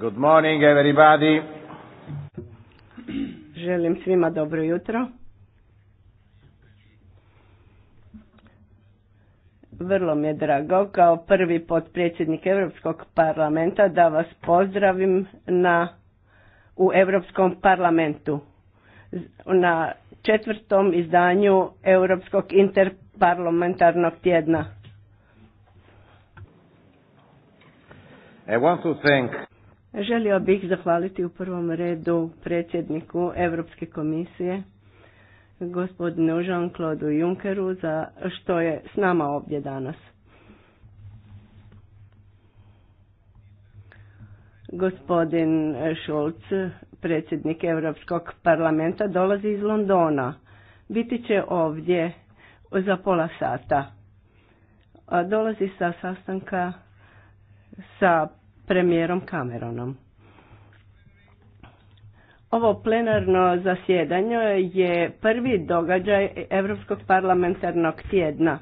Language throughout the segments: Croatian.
Good morning everybody. Želim svima dobro jutro. Vrlo mi je drago kao prvi potpredsjednik Europskog parlamenta da vas pozdravim na, u Europskom parlamentu na četvrtom izdanju Europskog interparlamentarnog tjedna. I want to thank Želio bih zahvaliti u prvom redu predsjedniku Europske komisije, gospodinu Jean-Claude Junckeru, za što je s nama ovdje danas. Gospodin Schulz, predsjednik Europskog parlamenta, dolazi iz Londona. Biti će ovdje za pola sata. Dolazi sa sastanka sa premijerom Cameronom. Ovo plenarno zasjedanje je prvi događaj Europskog parlamentarnog tjedna,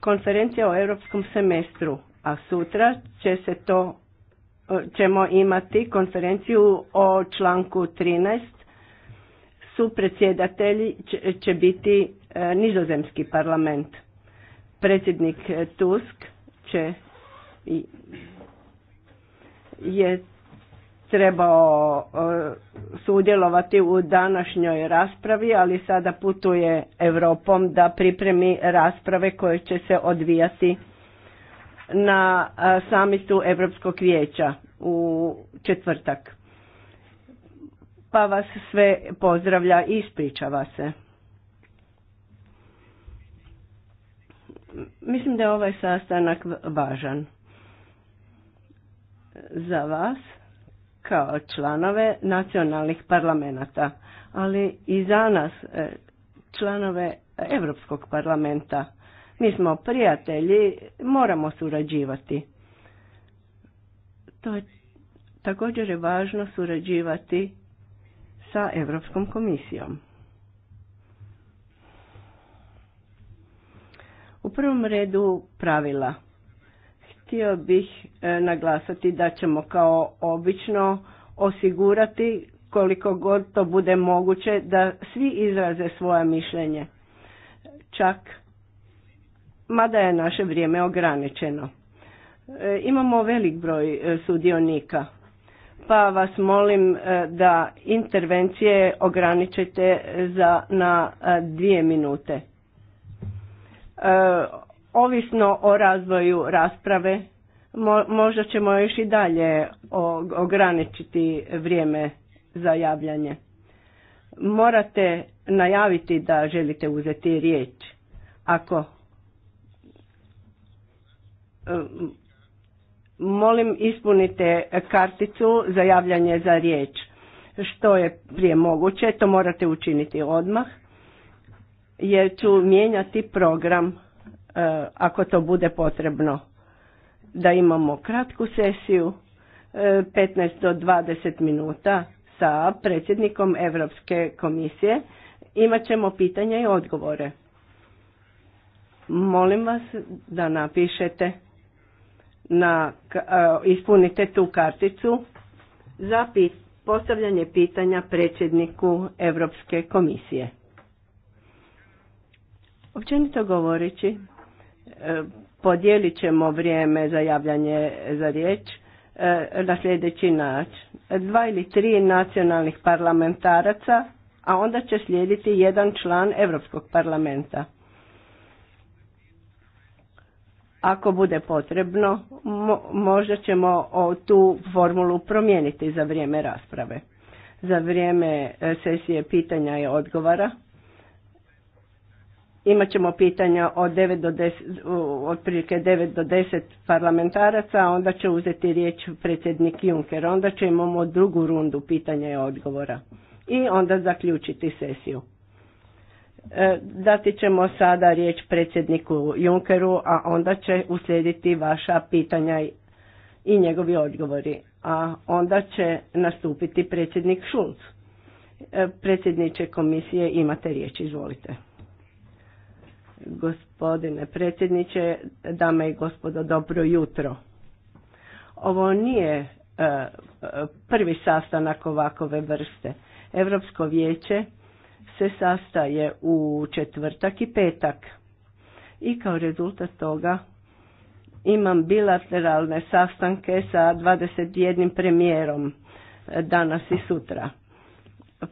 konferencija o europskom semestru, a sutra će se to ćemo imati konferenciju o članku 13. Su predsjedatelji će biti e, nizozemski parlament. Predsjednik Tusk će i je trebao e, sudjelovati u današnjoj raspravi, ali sada putuje Europom da pripremi rasprave koje će se odvijati na e, samitu Europskog vijeća u četvrtak. Pa vas sve pozdravlja i ispričava se. Mislim da je ovaj sastanak važan za vas kao članove nacionalnih parlamenta, ali i za nas e, članove Europskog parlamenta. Mi smo prijatelji, moramo surađivati. To je također je važno surađivati sa Europskom komisijom. U prvom redu pravila. Htio bih e, naglasiti da ćemo kao obično osigurati koliko god to bude moguće da svi izraze svoje mišljenje. Čak, mada je naše vrijeme ograničeno. E, imamo velik broj e, sudionika, pa vas molim da intervencije ograničite za, na dvije minute. Ovisno o razvoju rasprave, možda ćemo još i dalje ograničiti vrijeme za javljanje. Morate najaviti da želite uzeti riječ. Ako molim ispunite karticu za javljanje za riječ. Što je prije moguće, to morate učiniti odmah, jer ću mijenjati program E, ako to bude potrebno. Da imamo kratku sesiju, 15 e, do 20 minuta sa predsjednikom Europske komisije. Imat ćemo pitanja i odgovore. Molim vas da napišete, na, e, ispunite tu karticu za postavljanje pitanja predsjedniku Europske komisije. Općenito govoreći, E, podijelit ćemo vrijeme za javljanje za riječ e, na sljedeći način. Dva ili tri nacionalnih parlamentaraca, a onda će slijediti jedan član Europskog parlamenta. Ako bude potrebno, možda ćemo tu formulu promijeniti za vrijeme rasprave. Za vrijeme e, sesije pitanja i odgovara Imat ćemo pitanja od 9 do 10, otprilike 9 do 10 parlamentaraca, onda će uzeti riječ predsjednik Juncker, onda će imamo drugu rundu pitanja i odgovora i onda zaključiti sesiju. E, dati ćemo sada riječ predsjedniku Junkeru, a onda će uslijediti vaša pitanja i njegovi odgovori. A onda će nastupiti predsjednik Šulc. E, predsjedniče komisije, imate riječ, izvolite. Gospodine predsjedniče, dame i gospodo, dobro jutro. Ovo nije e, e, prvi sastanak ovakove vrste. Europsko vijeće se sastaje u četvrtak i petak. I kao rezultat toga imam bilateralne sastanke sa 21 premijerom danas i sutra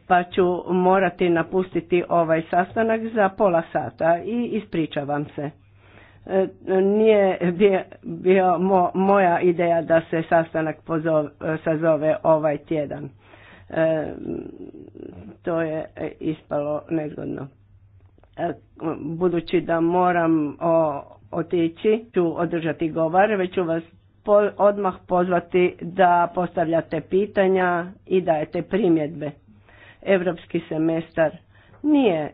pa ću morati napustiti ovaj sastanak za pola sata i ispričavam se. E, nije bio moja ideja da se sastanak sazove ovaj tjedan. E, to je ispalo nezgodno. E, budući da moram otići, ću održati govore, već ću vas odmah pozvati da postavljate pitanja i dajete primjedbe. Europski semestar nije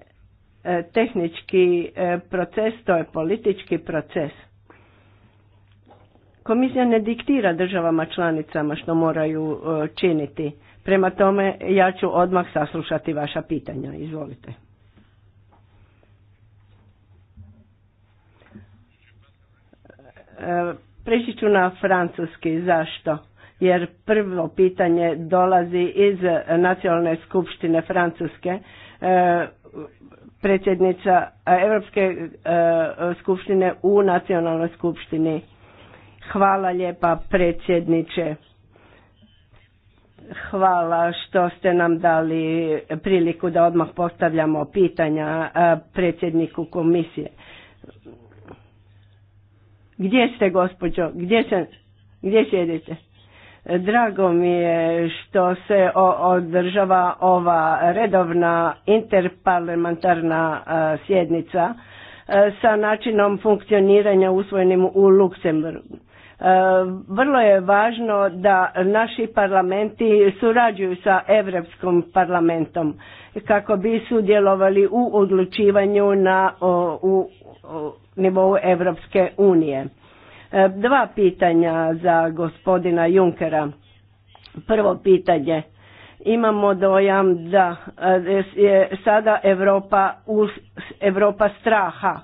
e, tehnički e, proces, to je politički proces. Komisija ne diktira državama članicama što moraju e, činiti. Prema tome ja ću odmah saslušati vaša pitanja. Izvolite. Preći ću na francuski. Zašto? jer prvo pitanje dolazi iz nacionalne skupštine Francuske. E, predsjednica Europske e, skupštine u nacionalnoj skupštini. Hvala lijepa predsjedniče. Hvala što ste nam dali priliku da odmah postavljamo pitanja e, predsjedniku komisije. Gdje ste gospođo? Gdje, se, gdje sjedite? Drago mi je što se održava ova redovna interparlamentarna sjednica sa načinom funkcioniranja usvojenim u Luksemburgu. Vrlo je važno da naši parlamenti surađuju sa Europskom parlamentom kako bi sudjelovali u odlučivanju na u nivou Europske unije. E, dva pitanja za gospodina Junkera. Prvo pitanje. Imamo dojam da e, je sada Europa, Europa straha.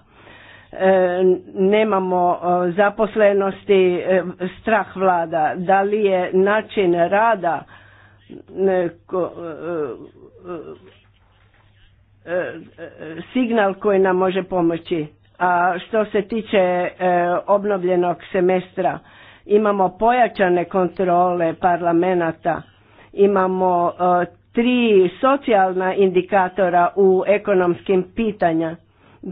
E, nemamo zaposlenosti, strah vlada. Da li je način rada signal koji nam može pomoći? A što se tiče e, obnovljenog semestra, imamo pojačane kontrole parlamenata, imamo e, tri socijalna indikatora u ekonomskim pitanja,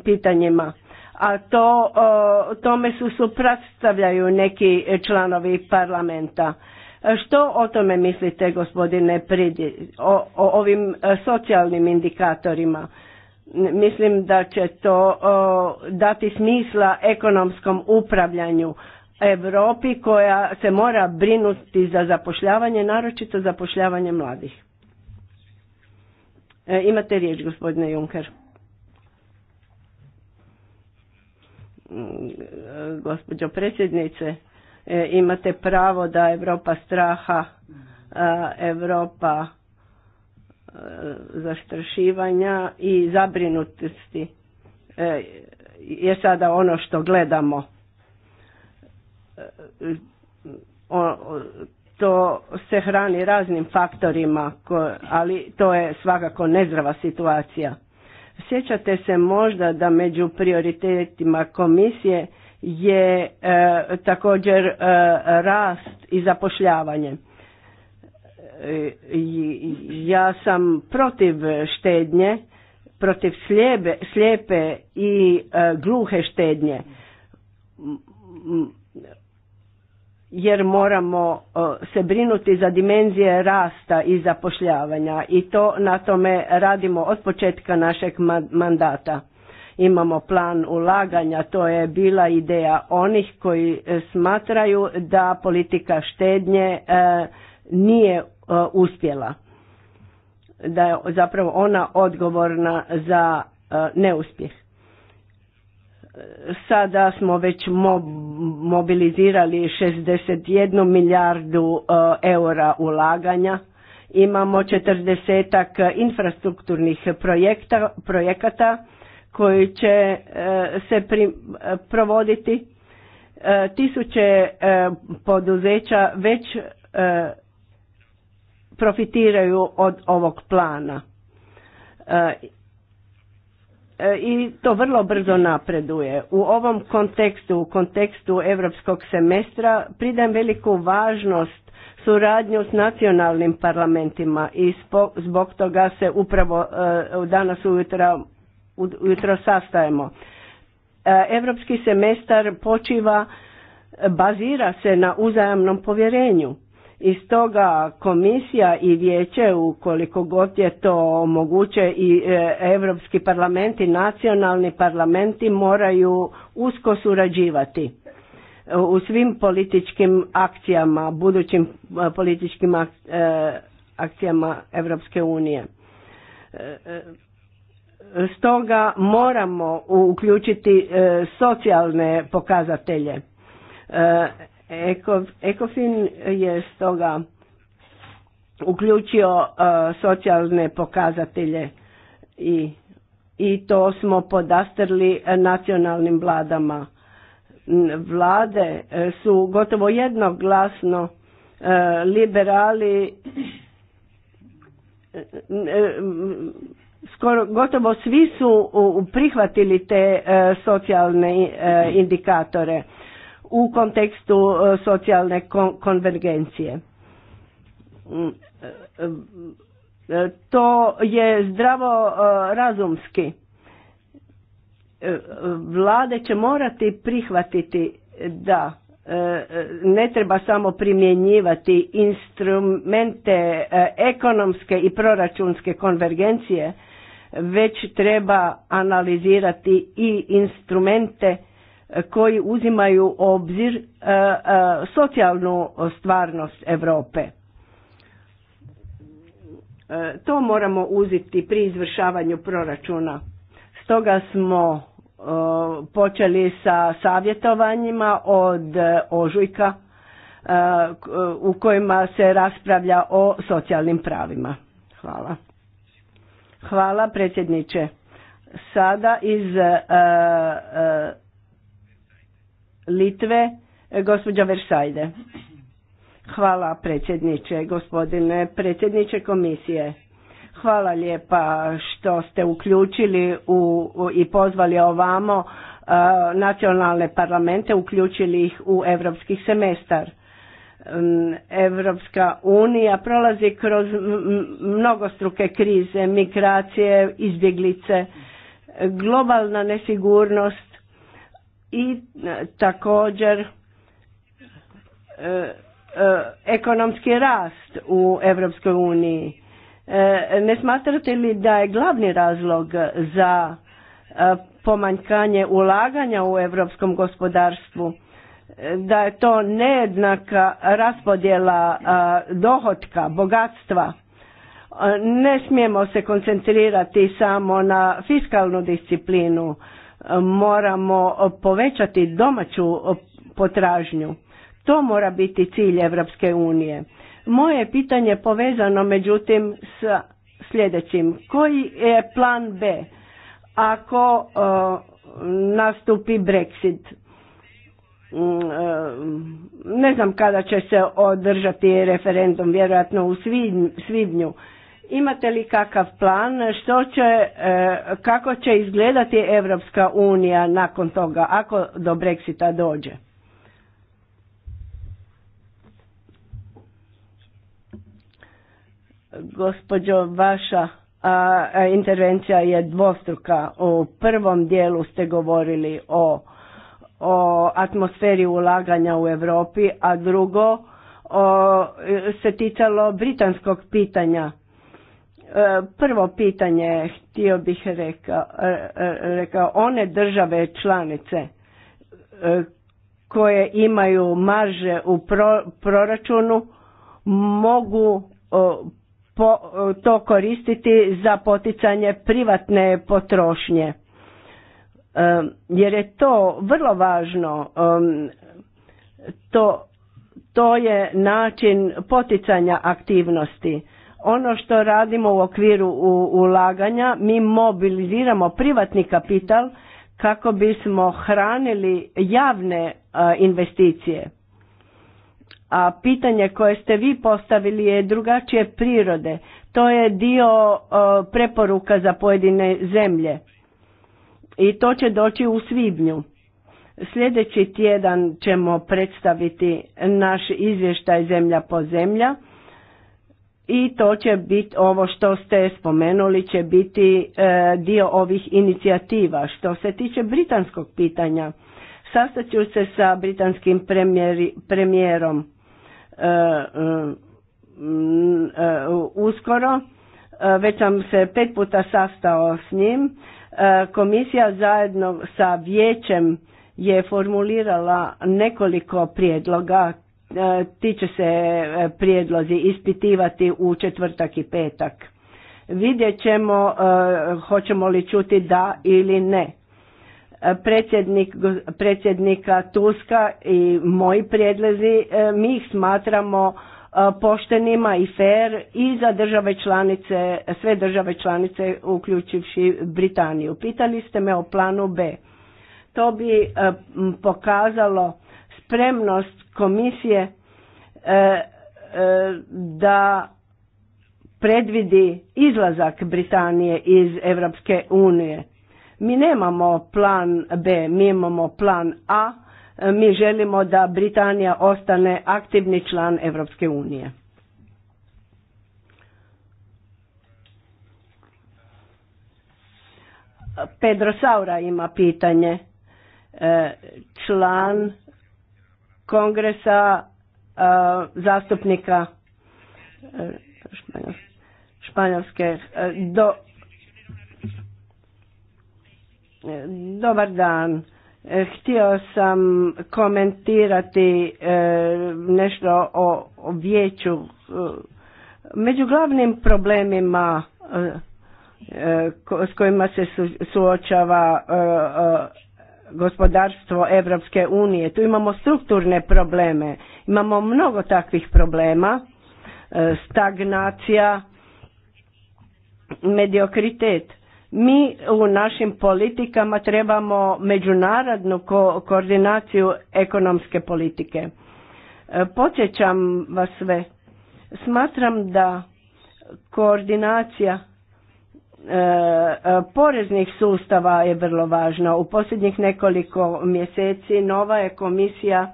pitanjima, a to, e, tome su suprotstavljaju neki članovi parlamenta. Što o tome mislite gospodine Pridi, o ovim socijalnim indikatorima? Mislim da će to dati smisla ekonomskom upravljanju Europi koja se mora brinuti za zapošljavanje, naročito zapošljavanje mladih. E, imate riječ, gospodine Juncker. Mm, gospođo predsjednice, e, imate pravo da Europa straha, Europa E, zastrašivanja i zabrinutosti e, je sada ono što gledamo. E, to se hrani raznim faktorima, ali to je svakako nezdrava situacija. Sjećate se možda da među prioritetima komisije je također rast i zapošljavanje. E, ja sam protiv štednje, protiv slijebe, slijepe i e, gluhe štednje jer moramo e, se brinuti za dimenzije rasta i zapošljavanja i to na tome radimo od početka našeg mandata. Imamo plan ulaganja, to je bila ideja onih koji smatraju da politika štednje nije E, uspjela da je zapravo ona odgovorna za e, neuspjeh. Sada smo već mobilizirali 61 milijardu e, eura ulaganja. Imamo 40 infrastrukturnih projekata koji će se provoditi. Tisuće poduzeća već profitiraju od ovog plana. E, e, I to vrlo brzo napreduje. U ovom kontekstu, u kontekstu europskog semestra, pridam veliku važnost suradnju s nacionalnim parlamentima i zbog toga se upravo e, danas ujutro, ujutro sastajemo. Europski semestar počiva, bazira se na uzajamnom povjerenju i stoga komisija i vijeće, ukoliko god je to moguće, i Europski parlamenti, nacionalni parlamenti moraju usko surađivati e, u svim političkim akcijama, budućim e, političkim e, akcijama Europske unije. Stoga moramo uključiti socijalne pokazatelje Ekofin je stoga uključio e, socijalne pokazatelje i, i to smo podastrli nacionalnim vladama. Vlade e, su gotovo jednoglasno e, liberali skoro gotovo svi su prihvatili te socijalne indikatore u kontekstu e, socijalne konvergencije. Mm, e, e, to je zdravo razumski. Vlade će morati prihvatiti da ne treba samo primjenjivati instrumente ekonomske i proračunske konvergencije, već treba analizirati i instrumente koji uzimaju obzir e, e, socijalnu stvarnost Europe. E, to moramo uzeti pri izvršavanju proračuna. Stoga smo počeli sa savjetovanjima od ožujka u kojima se raspravlja o socijalnim pravima. Hvala. Hvala predsjedniče. Sada iz Litve, e, gospođa Versajde. Hvala predsjedniče, gospodine predsjedniče komisije. Hvala lijepa što ste uključili u, i pozvali ovamo e, nacionalne parlamente, uključili ih u europski semestar. Mm, Evropska unija prolazi kroz mnogostruke krize, migracije, izbjeglice, globalna nesigurnost i e, također e, e, ekonomski rast u Europskoj uniji. Ne smatrate li da je glavni razlog za pomanjkanje ulaganja u europskom gospodarstvu, da je to nejednaka raspodjela dohotka, bogatstva? Ne smijemo se koncentrirati samo na fiskalnu disciplinu, moramo povećati domaću potražnju. To mora biti cilj Europske unije. Moje je pitanje povezano međutim s sljedećim. Koji je plan B ako e, nastupi Brexit? Mm, e, ne znam kada će se održati referendum, vjerojatno u svibnju. Imate li kakav plan što će, e, kako će izgledati Europska unija nakon toga ako do Brexita dođe? Gospođo, vaša intervencija je dvostruka. U prvom dijelu ste govorili o, o atmosferi ulaganja u Europi, a drugo o, se ticalo britanskog pitanja Prvo pitanje htio bih rekao, rekao one države članice e, koje imaju marže u proračunu mogu to koristiti za poticanje privatne potrošnje. E, jer je to vrlo važno, e, to, to je način poticanja aktivnosti ono što radimo u okviru ulaganja, mi mobiliziramo privatni kapital kako bismo hranili javne e, investicije. A pitanje koje ste vi postavili je drugačije prirode. To je dio e, preporuka za pojedine zemlje. I to će doći u svibnju. Sljedeći tjedan ćemo predstaviti naš izvještaj zemlja po zemlja i to će biti, ovo što ste spomenuli će biti e, dio ovih inicijativa. Što se tiče britanskog pitanja, sastat ću se sa britanskim premijerom e, e, uskoro, već sam se pet puta sastao s njim. Komisija zajedno sa vijećem je formulirala nekoliko prijedloga ti će se e, prijedlozi ispitivati u četvrtak i petak. Vidjet ćemo e, hoćemo li čuti da ili ne. E, predsjednika Tuska i moji prijedlozi mi ih smatramo poštenima i fair i za države članice, sve države članice uključivši Britaniju. Pitali ste me o planu B. To bi pokazalo spremnost komisije e, e, da predvidi izlazak Britanije iz Europske unije. Mi nemamo plan B, mi imamo plan A, e, mi želimo da Britanija ostane aktivni član Europske unije. Pedro Saura ima pitanje. Član kongresa e, zastupnika e, Španjolske. E, do... Dobar dan. Htio sam komentirati nešto o vijeću. Među glavnim problemima s kojima se suočava gospodarstvo Evropske unije. Tu imamo strukturne probleme, imamo mnogo takvih problema, e, stagnacija, mediokritet. Mi u našim politikama trebamo međunarodnu koordinaciju ekonomske politike. E, podsjećam vas sve. Smatram da koordinacija E, e, poreznih sustava je vrlo važno. U posljednjih nekoliko mjeseci nova je komisija e,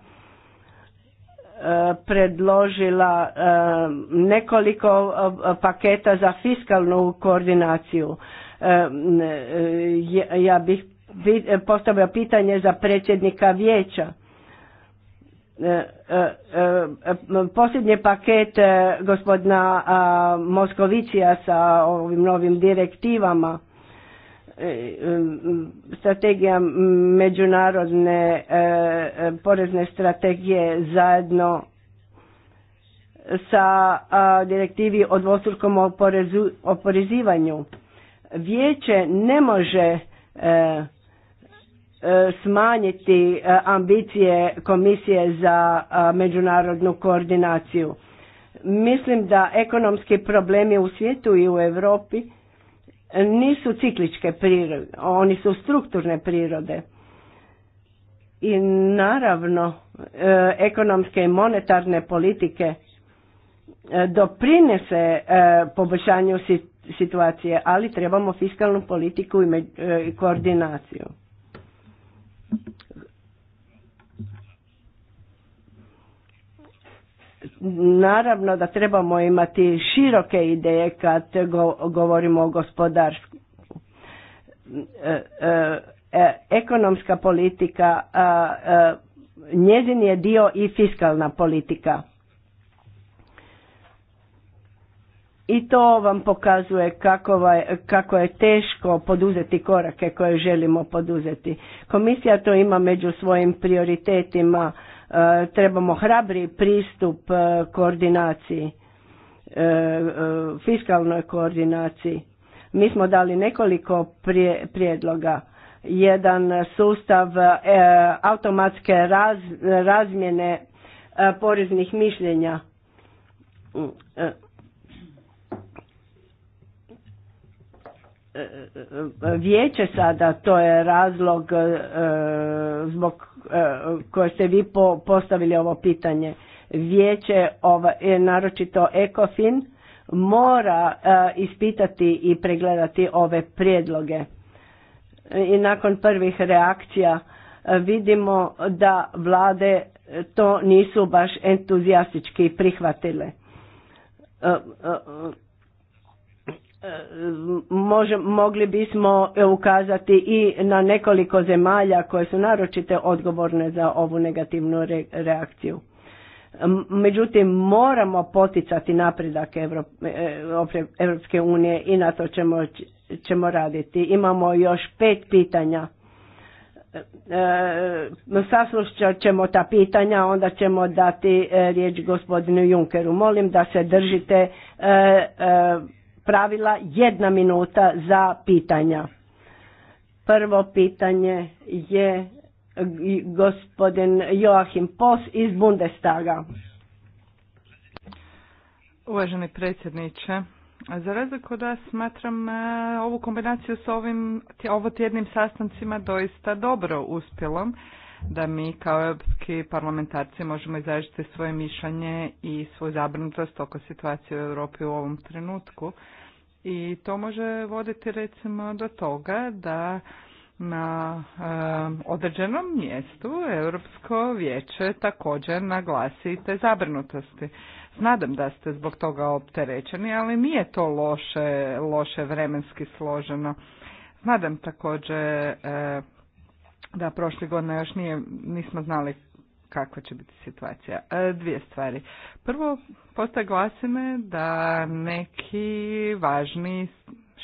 predložila nekoliko paketa za fiskalnu koordinaciju. Ja bih postavio pitanje za predsjednika vijeća E, e, e, posljednji paket gospodina Moskovicija sa ovim novim direktivama strategija međunarodne porezne strategije zajedno sa direktivi o dvostrukom oporezivanju vijeće ne može E, smanjiti e, ambicije komisije za e, međunarodnu koordinaciju. Mislim da ekonomski problemi u svijetu i u Europi nisu cikličke prirode, oni su strukturne prirode. I naravno ekonomske i monetarne politike doprinese poboljšanju situacije, ali trebamo fiskalnu politiku i koordinaciju. Naravno da trebamo imati široke ideje kad govorimo o gospodarstvu. E, e, e, ekonomska politika, njezin je dio i fiskalna politika. I to vam pokazuje kako je teško poduzeti korake koje želimo poduzeti. Komisija to ima među svojim prioritetima Eh, trebamo hrabri pristup eh, koordinaciji, eh, fiskalnoj koordinaciji. Mi smo dali nekoliko prijedloga. Jedan sustav automatske razmjene poreznih mišljenja mm, vijeće sada, to je razlog e, zbog e, koje ste vi postavili ovo pitanje. Vijeće, e, naročito ECOFIN, mora ispitati i pregledati ove prijedloge. I nakon prvih reakcija vidimo da vlade to nisu baš entuzijastički prihvatile Eh, može, mogli bismo eh, ukazati i na nekoliko zemalja koje su naročite odgovorne za ovu negativnu reakciju. Međutim, moramo poticati napredak Europske eh, unije i na to ćemo, ćemo raditi. Imamo još pet pitanja. Saslušat ćemo ta pitanja, onda ćemo dati riječ gospodinu Junkeru. Molim da se držite pravila jedna minuta za pitanja. Prvo pitanje je gospodin Joachim Pos iz Bundestaga. Uvaženi predsjedniče, za razliku da smatram e, ovu kombinaciju s ovim ovo tjednim sastancima doista dobro uspjelom, da mi kao europski parlamentarci možemo izražiti svoje mišljenje i svoju zabrinutost oko situacije u Europi u ovom trenutku i to može voditi recimo do toga da na određenom mjestu Europsko vijeće također naglasi te zabrinutosti. Nadam da ste zbog toga opterećeni, ali nije to loše, loše vremenski složeno. Nadam također da prošle godine još nije, nismo znali kakva će biti situacija. E, dvije stvari. Prvo, postoje glasine da neki važni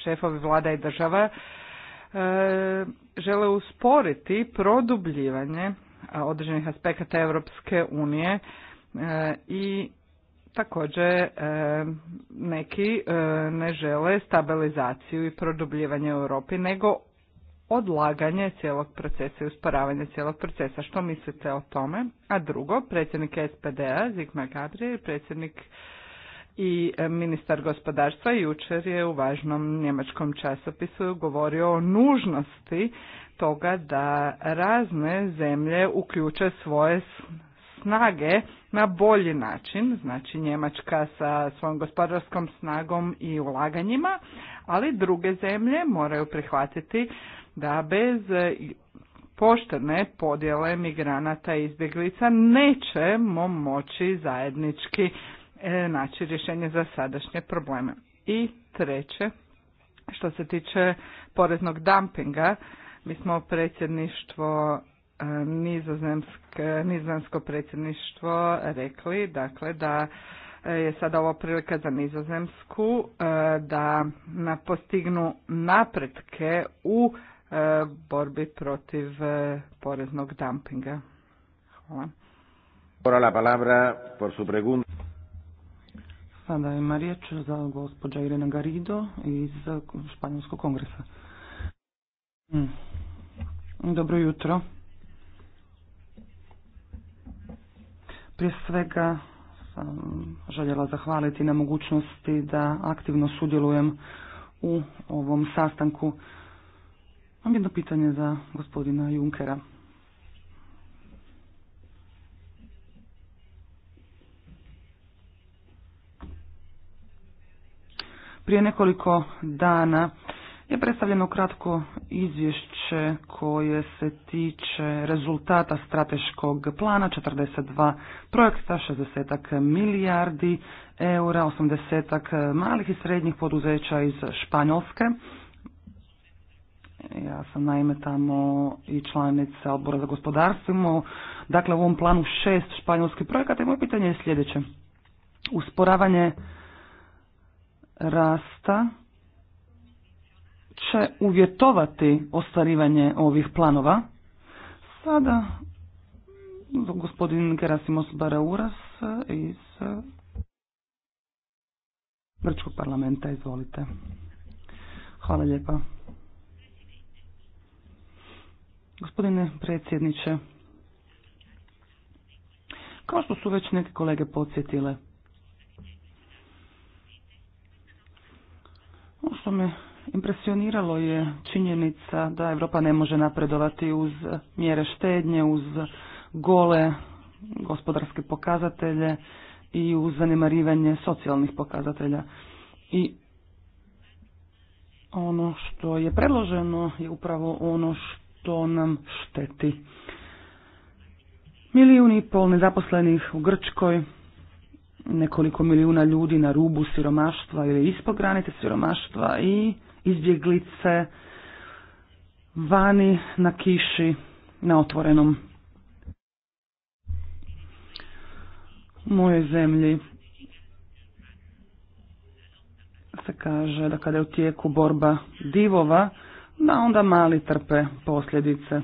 šefovi vlada i država e, žele usporiti produbljivanje e, određenih aspekata Europske unije i također neki ne žele stabilizaciju i produbljivanje u Europi, nego odlaganje cijelog procesa i usporavanje cijelog procesa. Što mislite o tome? A drugo, predsjednik SPD-a, Zigma Gabriel, predsjednik i e, ministar gospodarstva jučer je u važnom njemačkom časopisu govorio o nužnosti toga da razne zemlje uključe svoje snage na bolji način, znači Njemačka sa svojom gospodarskom snagom i ulaganjima, ali druge zemlje moraju prihvatiti da bez e, poštene podjele migranata i izbjeglica nećemo moći zajednički e, naći rješenje za sadašnje probleme. I treće, što se tiče poreznog dumpinga, mi smo predsjedništvo e, nizozemsko predsjedništvo rekli dakle da je sada ovo prilika za nizozemsku da postignu napretke u E, borbi protiv e, poreznog dumpinga. Hvala. Hvala la palabra por su pregunta. Sada ima riječ za gospođa Irena Garido iz Španjolskog kongresa. Mm. Dobro jutro. Prije svega sam željela zahvaliti na mogućnosti da aktivno sudjelujem u ovom sastanku. Imam jedno pitanje za gospodina Junkera. Prije nekoliko dana je predstavljeno kratko izvješće koje se tiče rezultata strateškog plana, 42 projekta, 60 milijardi eura, 80 malih i srednjih poduzeća iz Španjolske. Ja sam naime tamo i članica odbora za gospodarstvo. Imamo, dakle, u ovom planu šest španjolskih projekata i moje pitanje je sljedeće. Usporavanje rasta će uvjetovati ostvarivanje ovih planova. Sada gospodin Gerasimos Uras iz Grčkog parlamenta, izvolite. Hvala lijepa. Gospodine predsjedniče, kao što su već neke kolege podsjetile, ono što me impresioniralo je činjenica da Europa ne može napredovati uz mjere štednje, uz gole gospodarske pokazatelje i uz zanemarivanje socijalnih pokazatelja. I ono što je predloženo je upravo ono što to nam šteti. Milijun i pol nezaposlenih u Grčkoj, nekoliko milijuna ljudi na rubu siromaštva ili ispod granice siromaštva i izbjeglice vani na kiši na otvorenom. U mojoj zemlji se kaže da kada je u tijeku borba divova, da onda mali trpe posljedice.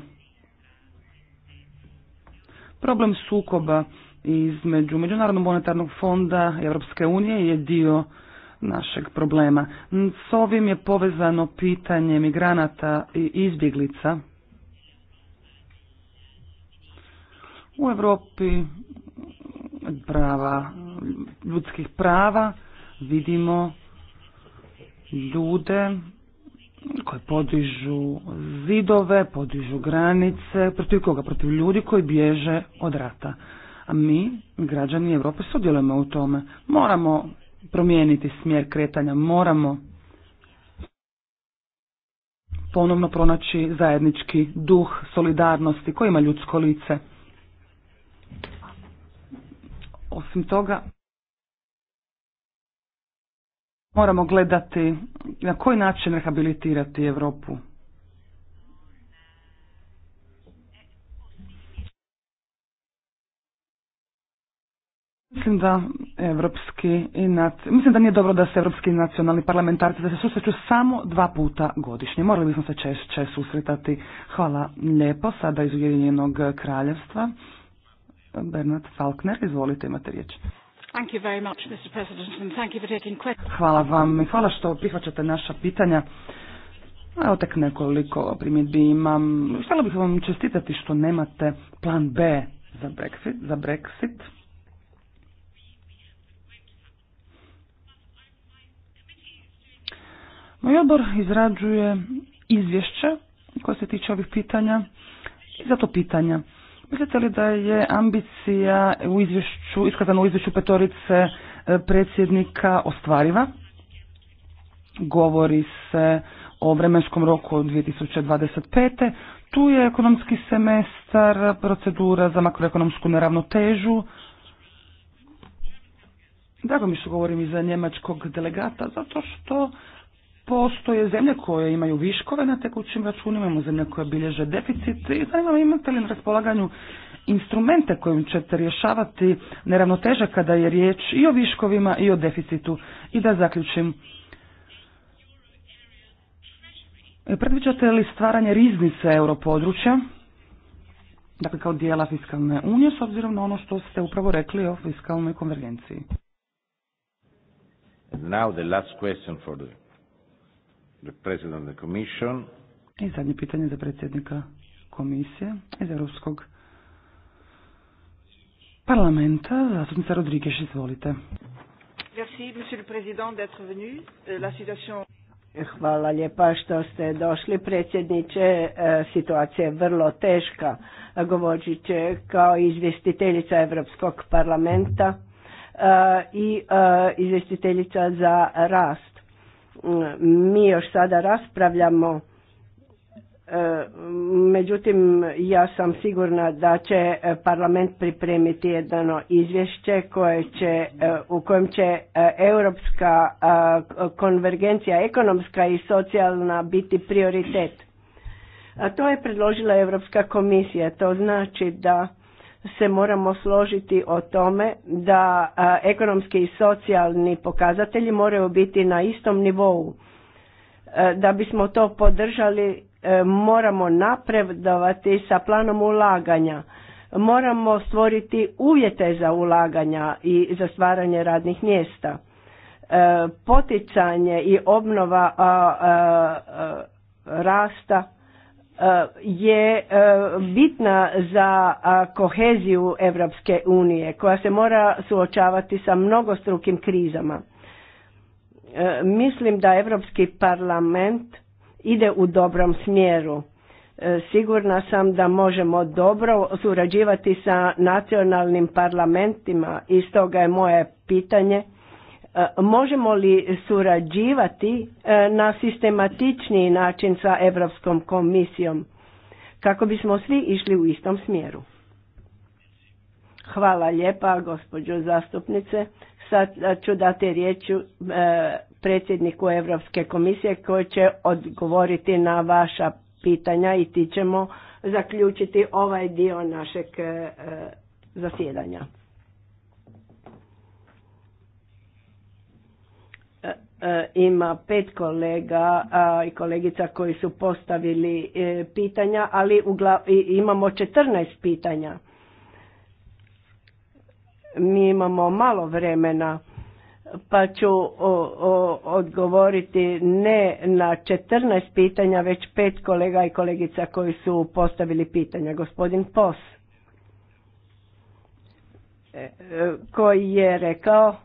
Problem sukoba između Međunarodnog monetarnog fonda Europske unije je dio našeg problema. S ovim je povezano pitanje migranata i izbjeglica. U Europi prava, ljudskih prava vidimo ljude koje podižu zidove, podižu granice, protiv koga? Protiv ljudi koji bježe od rata. A mi, građani Europe, sudjelujemo u tome. Moramo promijeniti smjer kretanja, moramo ponovno pronaći zajednički duh solidarnosti koji ima ljudsko lice. Osim toga, Moramo gledati na koji način rehabilitirati Europu. Mislim da evropski i mislim da nije dobro da se evropski nacionalni parlamentarci da se susreću samo dva puta godišnje. Morali bismo se češće susretati. Hvala lijepo. Sada iz Ujedinjenog kraljevstva. Bernard Falkner, izvolite, imate riječ. Hvala vam i hvala što prihvaćate naša pitanja. Evo tek nekoliko primjedbi imam. Htjela bih vam čestitati što nemate plan B za Brexit. Za Brexit. Moj odbor izrađuje izvješće koje se tiče ovih pitanja i zato pitanja Mislite li da je ambicija u izvješću, iskazana u izvješću petorice e, predsjednika ostvariva? Govori se o vremenskom roku od 2025. Tu je ekonomski semestar, procedura za makroekonomsku neravnotežu. Drago mi što govorim i za njemačkog delegata, zato što postoje zemlje koje imaju viškove na tekućim računima, imamo zemlje koje bilježe deficit i zanima imate li na raspolaganju instrumente kojim ćete rješavati neravnoteže kada je riječ i o viškovima i o deficitu. I da zaključim, e, predviđate li stvaranje riznice europodručja, dakle kao dijela fiskalne unije, s obzirom na ono što ste upravo rekli o fiskalnoj konvergenciji? now the last question for the i zadnje pitanje za predsjednika komisije iz Europskog parlamenta, zastupnica Rodriguez, izvolite. Merci, monsieur le président, d'être venu. Euh, la situation... Hvala lijepa što ste došli predsjedniče. E, situacija je vrlo teška. Govorit kao izvjestiteljica Europskog parlamenta e, i e, izvjestiteljica za rast mi još sada raspravljamo, e, međutim ja sam sigurna da će e, parlament pripremiti jedno izvješće koje će, e, u kojem će europska konvergencija ekonomska i socijalna biti prioritet. A to je predložila Europska komisija. To znači da se moramo složiti o tome da ekonomski i socijalni pokazatelji moraju biti na istom nivou. E, da bismo to podržali e, moramo napredovati sa planom ulaganja. Moramo stvoriti uvjete za ulaganja i za stvaranje radnih mjesta. E, poticanje i obnova rasta je e, bitna za koheziju Europske unije koja se mora suočavati sa mnogostrukim krizama. E, mislim da Europski parlament ide u dobrom smjeru. E, sigurna sam da možemo dobro surađivati sa nacionalnim parlamentima i stoga je moje pitanje E, možemo li surađivati e, na sistematičniji način sa Europskom komisijom kako bismo svi išli u istom smjeru? Hvala lijepa gospođo zastupnice. Sad e, ću dati riječ predsjedniku Europske komisije koji će odgovoriti na vaša pitanja i ti ćemo zaključiti ovaj dio našeg zasjedanja. E, ima pet kolega i kolegica koji su postavili e, pitanja, ali imamo 14 pitanja. Mi imamo malo vremena, pa ću odgovoriti ne na 14 pitanja, već pet kolega i kolegica koji su postavili pitanja. Gospodin Pos, e, koji je rekao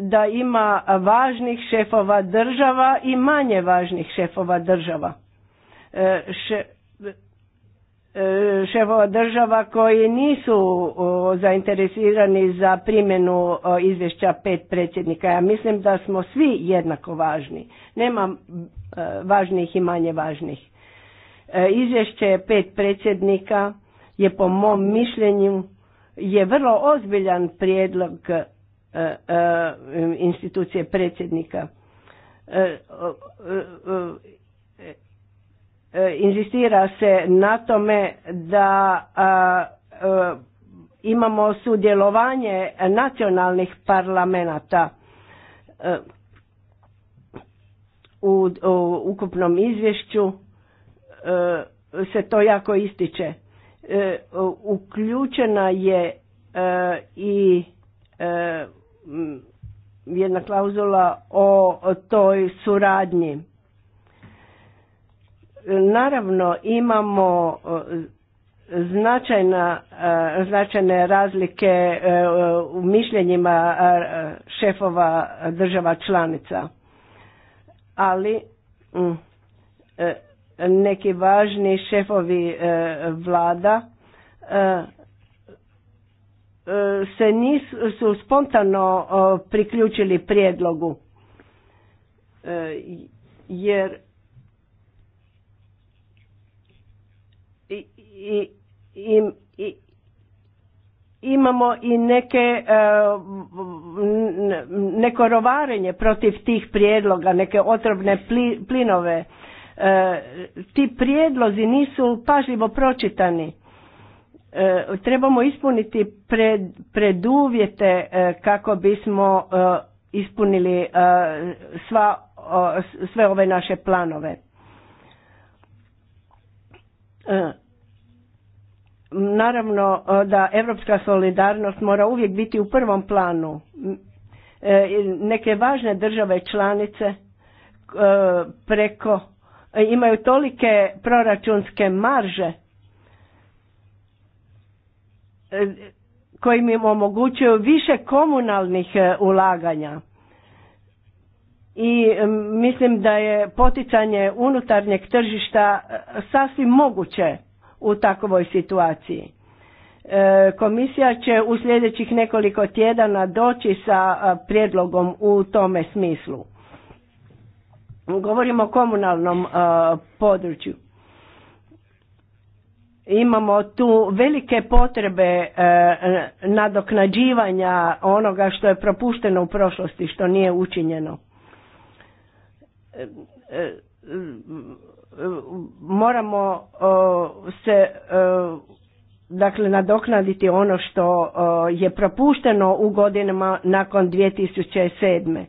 da ima važnih šefova država i manje važnih šefova država. E, e, šefova država koji nisu zainteresirani za primjenu izvješća pet predsjednika. Ja mislim da smo svi jednako važni. Nema e, važnih i manje važnih. Izvješće pet predsjednika je po mom mišljenju je vrlo ozbiljan prijedlog E, e, institucije predsjednika e, inzistira se na tome da imamo sudjelovanje nacionalnih parlamenta u ukupnom izvješću se to jako ističe uključena je i Mm, jedna klauzula o, toj suradnji. Naravno imamo e, značajna, e, značajne razlike e, u mišljenjima šefova država članica, ali mm, neki važni šefovi vlada E, se nisu spontano e, priključili prijedlogu e, jer im imamo i neke neko rovarenje protiv tih prijedloga neke otrovne plinove ti prijedlozi nisu pažljivo pročitani E, trebamo ispuniti preduvjete e, kako bismo e, ispunili sva, sve ove naše planove. Naravno da evropska solidarnost mora uvijek biti u prvom planu. Neke važne države članice preko imaju tolike proračunske marže kojim im omogućuju više komunalnih e, ulaganja. I mislim da je poticanje unutarnjeg tržišta e, sasvim moguće u takvoj situaciji. E, komisija će u sljedećih nekoliko tjedana doći sa prijedlogom u tome smislu. Govorimo o komunalnom području imamo tu velike potrebe e, e, nadoknađivanja onoga što je propušteno u prošlosti, što nije učinjeno. E, e, moramo se dakle nadoknaditi ono što je propušteno u godinama nakon 2007.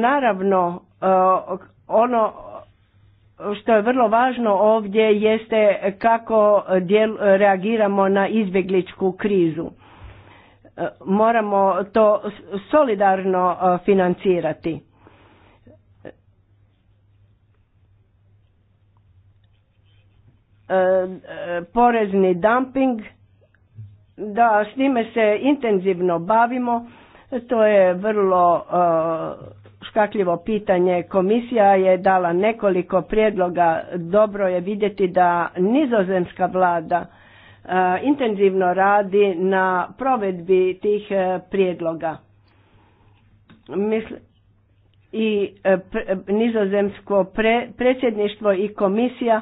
Naravno ono što je vrlo važno ovdje jeste kako djel, reagiramo na izbjegličku krizu. E, moramo to solidarno e, financirati. E, porezni dumping, da s njime se intenzivno bavimo, to je vrlo škakljivo pitanje. Komisija je dala nekoliko prijedloga. Dobro je vidjeti da nizozemska vlada e, intenzivno radi na provedbi tih e, prijedloga. i e, nizozemsko predsjedništvo i komisija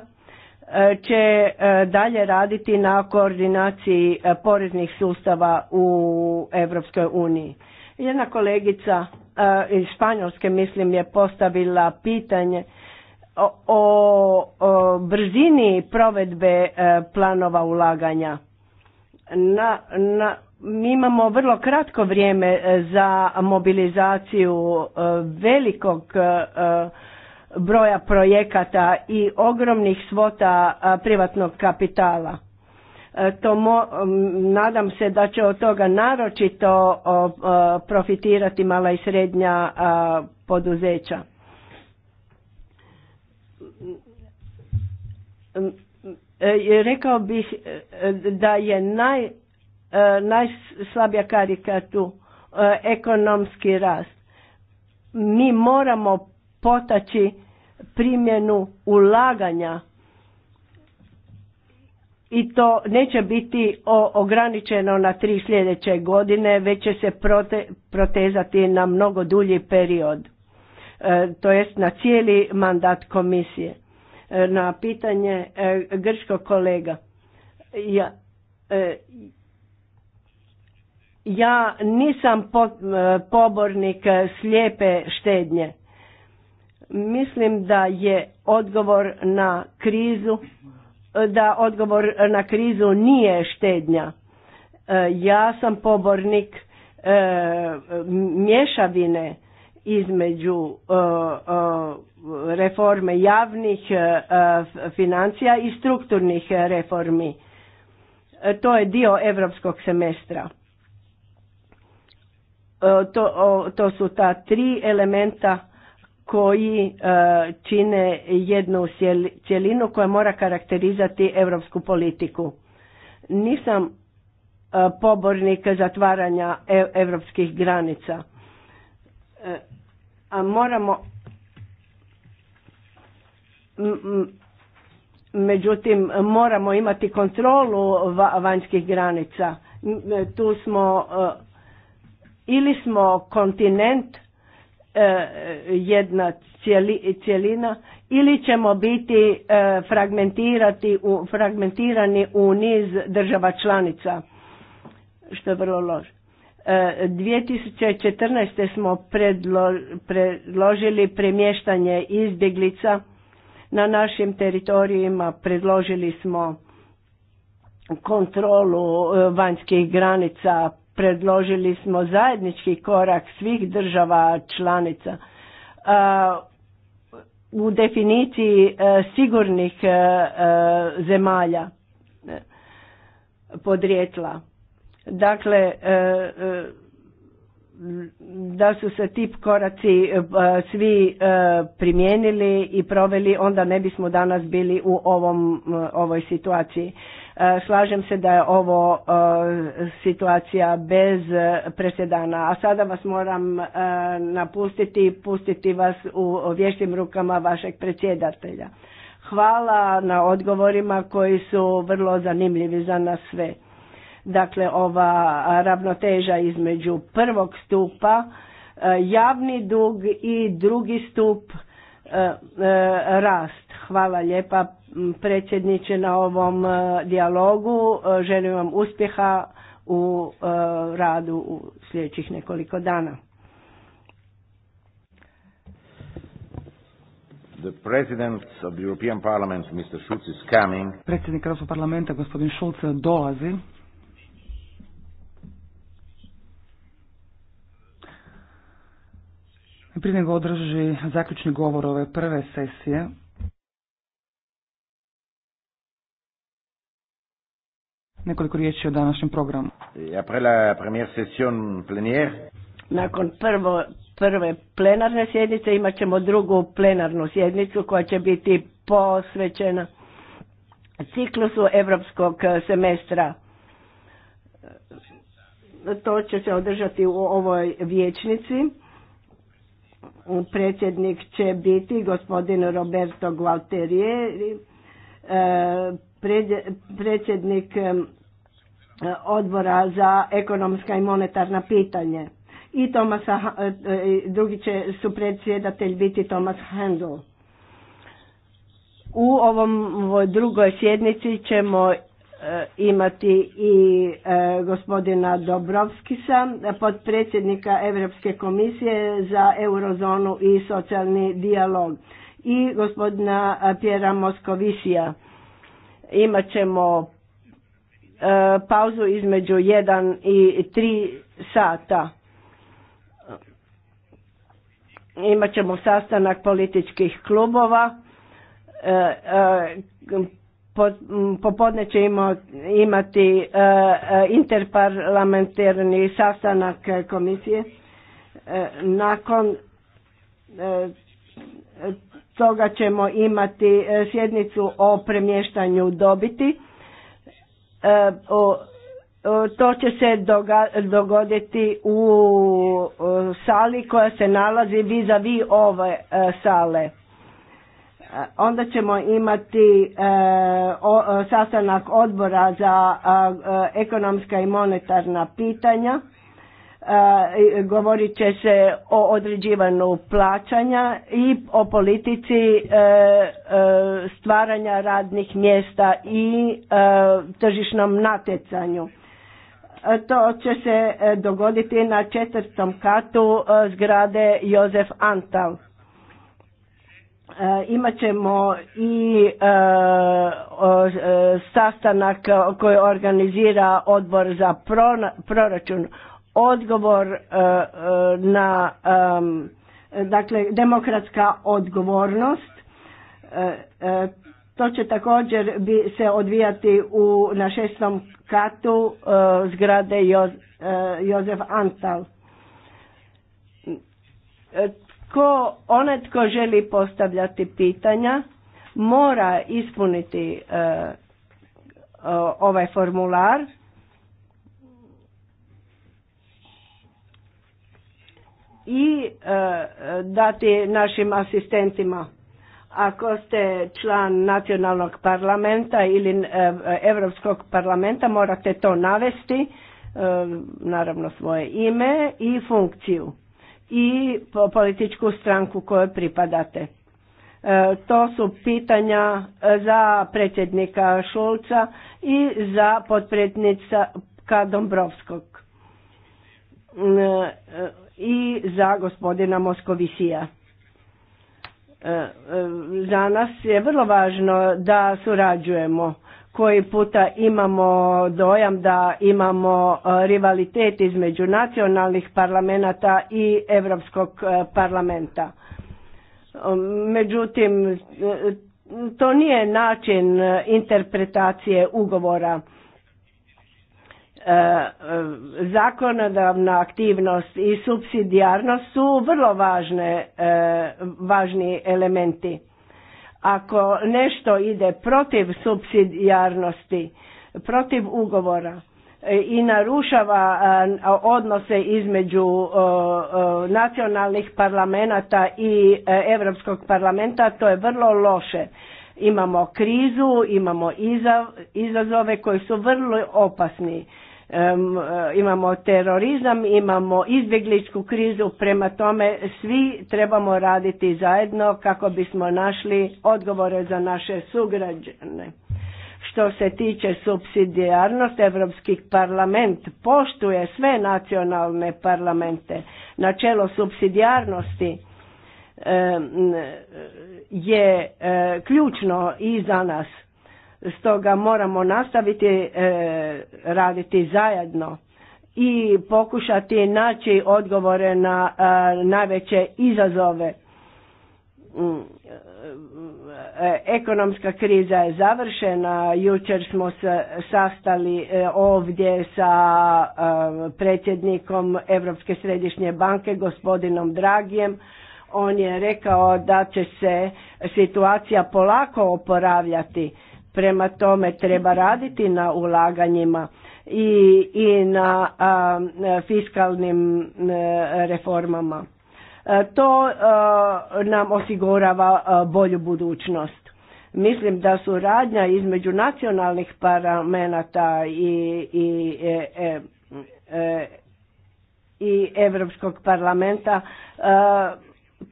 će dalje raditi na koordinaciji poreznih sustava u Europskoj uniji. Jedna kolegica E, iz Španjolske mislim je postavila pitanje o, brzini provedbe e, planova ulaganja. Na, mi imamo vrlo kratko vrijeme e, za mobilizaciju velikog broja projekata i ogromnih svota privatnog kapitala. E, to mo, nadam se da će od toga naročito profitirati mala i srednja poduzeća. E, rekao bih e, da je naj, najslabija karika tu ekonomski rast. Mi moramo potaći primjenu ulaganja i to neće biti ograničeno na tri sljedeće godine, već će se prote, protezati na mnogo dulji period, e, to jest na cijeli mandat komisije. E, na pitanje e, grčkog kolega, ja, e, ja nisam pobornik slijepe štednje. Mislim da je odgovor na krizu da odgovor na krizu nije štednja. E, ja sam pobornik e, mješavine između e, reforme javnih financija i strukturnih reformi. To je dio europskog semestra. To, to su ta tri elementa koji e, čine jednu cjelinu koja mora karakterizati europsku politiku. Nisam e, pobornik zatvaranja europskih granica. E, a moramo međutim moramo imati kontrolu vanjskih granica. Tu smo ili smo kontinent E, jedna cjelina ili ćemo biti e, fragmentirati, fragmentirani u niz država članica, što je vrlo loše. 2014. E, smo predložili premještanje izbjeglica na našim teritorijima, predložili smo kontrolu vanjskih granica, predložili smo zajednički korak svih država članica u definiciji e, sigurnih e, e, zemalja podrijetla. Dakle, da su se tip koraci svi primijenili i proveli, onda ne bismo danas bili u ovom, ovoj situaciji. E, slažem se da je ovo e, situacija bez presedana, a sada vas moram e, napustiti i pustiti vas u vještim rukama vašeg predsjedatelja. Hvala na odgovorima koji su vrlo zanimljivi za nas sve. Dakle, ova ravnoteža između prvog stupa, javni dug i drugi stup rast. Hvala lijepa predsjedniče na ovom e, dijalogu. E, želim vam uspjeha u e, radu u sljedećih nekoliko dana. The President of the European Parliament, Mr. is coming. Predsjednik Europskog parlamenta, gospodin Schulz, dolazi. Prije nego održi zaključni govor ove prve sesije, nekoliko riječi o današnjem programu. Nakon prvo, prve plenarne sjednice imat ćemo drugu plenarnu sjednicu koja će biti posvećena ciklusu europskog semestra. To će se održati u ovoj vijećnici Predsjednik će biti gospodin Roberto Gualterieri. E, predsjednik odbora za ekonomska i monetarna pitanje. I tomasa eh, eh, drugi će su predsjedatelj biti Thomas Handel. U ovom drugoj sjednici ćemo eh, imati i gospodina Dobrovskisa, podpredsjednika Europske komisije za eurozonu i socijalni dijalog i gospodina Pjera Moskovisija. Imat ćemo E, pauzu između 1 i 3 sata. Imat ćemo sastanak političkih klubova. E, e, popodne će imati interparlamentarni sastanak komisije. Nakon toga ćemo imati sjednicu o premještanju dobiti E, to će se dogoditi u sali koja se nalazi vis-a-vis ove e, sale. E, onda ćemo imati sastanak odbora za ekonomska i monetarna pitanja govorit će se o određivanju plaćanja i o politici e, e, stvaranja radnih mjesta i e, tržišnom natjecanju. To će se dogoditi na četvrtom katu zgrade Jozef Antal. Imaćemo i sastanak koji organizira odbor za proračun odgovor e, e, na dakle demokratska odgovornost e, to će također bi se odvijati u na šestom katu zgrade Jozef Antal tko onaj tko želi postavljati pitanja mora ispuniti ovaj formular i e, dati našim asistentima. Ako ste član nacionalnog parlamenta ili Europskog parlamenta morate to navesti, e, naravno svoje ime i funkciju i političku stranku kojoj pripadate. E, to su pitanja za predsjednika Šulca i za potpredsjednika Dombrovskog i za gospodina Moskovisija. E, e, za nas je vrlo važno da surađujemo. Koji puta imamo dojam da imamo e, rivalitet između nacionalnih parlamenta i Europskog parlamenta. Međutim, to nije način interpretacije ugovora E, e, zakonodavna aktivnost i subsidijarnost su vrlo važne, e, važni elementi. Ako nešto ide protiv subsidijarnosti, protiv ugovora i narušava odnose između nacionalnih parlamenta i Europskog parlamenta, to je vrlo loše. Imamo krizu, imamo izazove koji su vrlo opasni Eh, imamo terorizam, imamo izbjegličku krizu, prema tome svi trebamo raditi zajedno kako bismo našli odgovore za naše sugrađane. Što se tiče subsidijarnost, Europski parlament poštuje sve nacionalne parlamente. Načelo subsidijarnosti je eh, ključno i za nas Stoga moramo nastaviti e, raditi zajedno i pokušati naći odgovore na e, najveće izazove. Mm, e, ekonomska kriza je završena, jučer smo se sastali ovdje sa predsjednikom Europske središnje banke gospodinom Dragijem. On je rekao da će se situacija polako oporavljati Prema tome treba raditi na ulaganjima i, i na fiskalnim e, reformama. E, to e, nam osigurava bolju budućnost. Mislim da suradnja između nacionalnih parlamenta i, i e, e, i Europskog parlamenta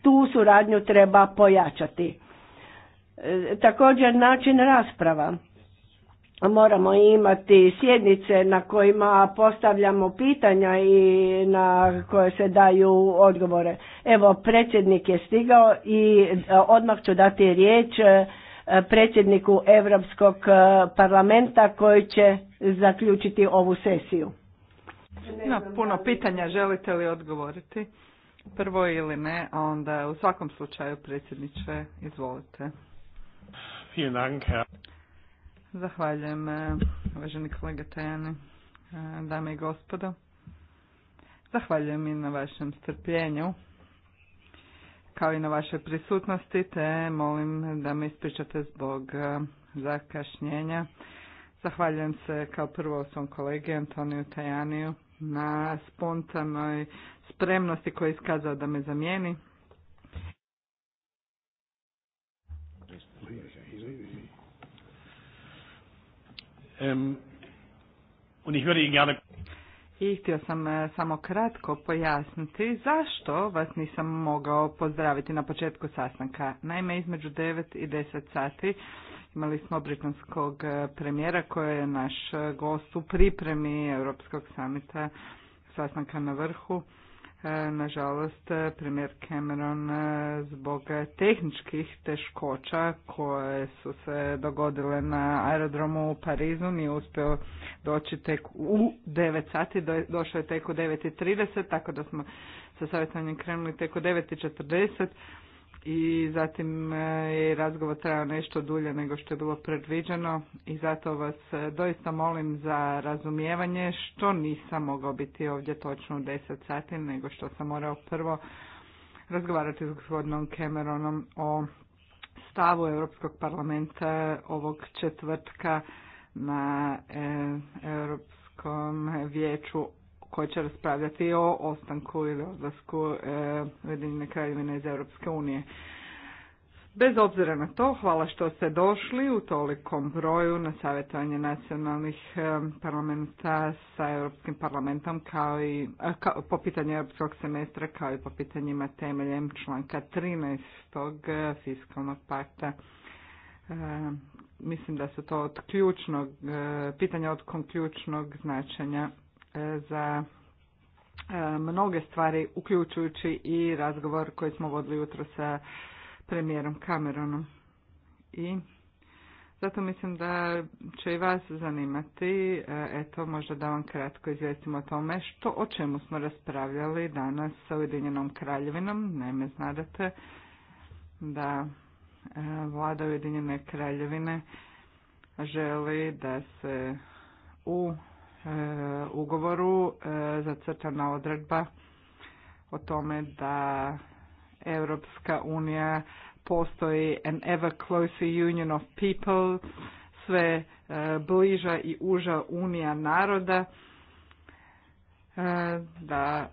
tu suradnju treba pojačati. E, također način rasprava. Moramo imati sjednice na kojima postavljamo pitanja i na koje se daju odgovore. Evo, predsjednik je stigao i e, odmah ću dati riječ e, predsjedniku Europskog parlamenta koji će zaključiti ovu sesiju. Ima puno pitanja, želite li odgovoriti? Prvo ili ne, a onda u svakom slučaju predsjedniče izvolite. Zahvaljujem, eh, uvaženi kolega Tajani, eh, dame i gospodo. Zahvaljujem i na vašem strpljenju, kao i na vašoj prisutnosti, te molim da me ispričate zbog eh, zakašnjenja. Zahvaljujem se kao prvo svom kolegi Antoniju Tajaniju na spontanoj spremnosti koju je iskazao da me zamijeni Und ich würde Ihnen i htio sam e, samo kratko pojasniti zašto vas nisam mogao pozdraviti na početku sastanka. Naime, između 9 i 10 sati imali smo britanskog e, premijera koji je naš e, gost u pripremi Europskog samita sastanka na vrhu E, nažalost, e, premijer Cameron e, zbog tehničkih teškoća koje su se dogodile na aerodromu u Parizu nije uspio doći tek u 9 sati, došao je tek u 9.30, tako da smo sa savjetovanjem krenuli tek u 9.40 i zatim e, je razgovor trajao nešto dulje nego što je bilo predviđeno i zato vas e, doista molim za razumijevanje što nisam mogao biti ovdje točno u 10 sati nego što sam morao prvo razgovarati s gospodinom Cameronom o stavu Europskog parlamenta ovog četvrtka na e, Europskom vijeću koji će raspravljati o ostanku ili odlasku e, Ujedinjene kraljevine iz Europske unije. Bez obzira na to, hvala što ste došli u tolikom broju na savjetovanje nacionalnih e, parlamenta sa Europskim parlamentom kao i e, po pitanju Europskog semestra kao i po pitanjima temeljem članka 13. fiskalnog pakta. mislim da su to od ključnog, pitanja od ključnog značenja za e, mnoge stvari, uključujući i razgovor koji smo vodili jutro sa premijerom Cameronom. I zato mislim da će i vas zanimati, e, eto možda da vam kratko izvestimo o tome što, o čemu smo raspravljali danas sa Ujedinjenom kraljevinom. Naime, znadate da e, vlada Ujedinjene kraljevine želi da se u E, ugovoru e, zacrtana odredba o tome da Europska unija postoji an ever closer union of people, sve e, bliža i uža unija naroda, da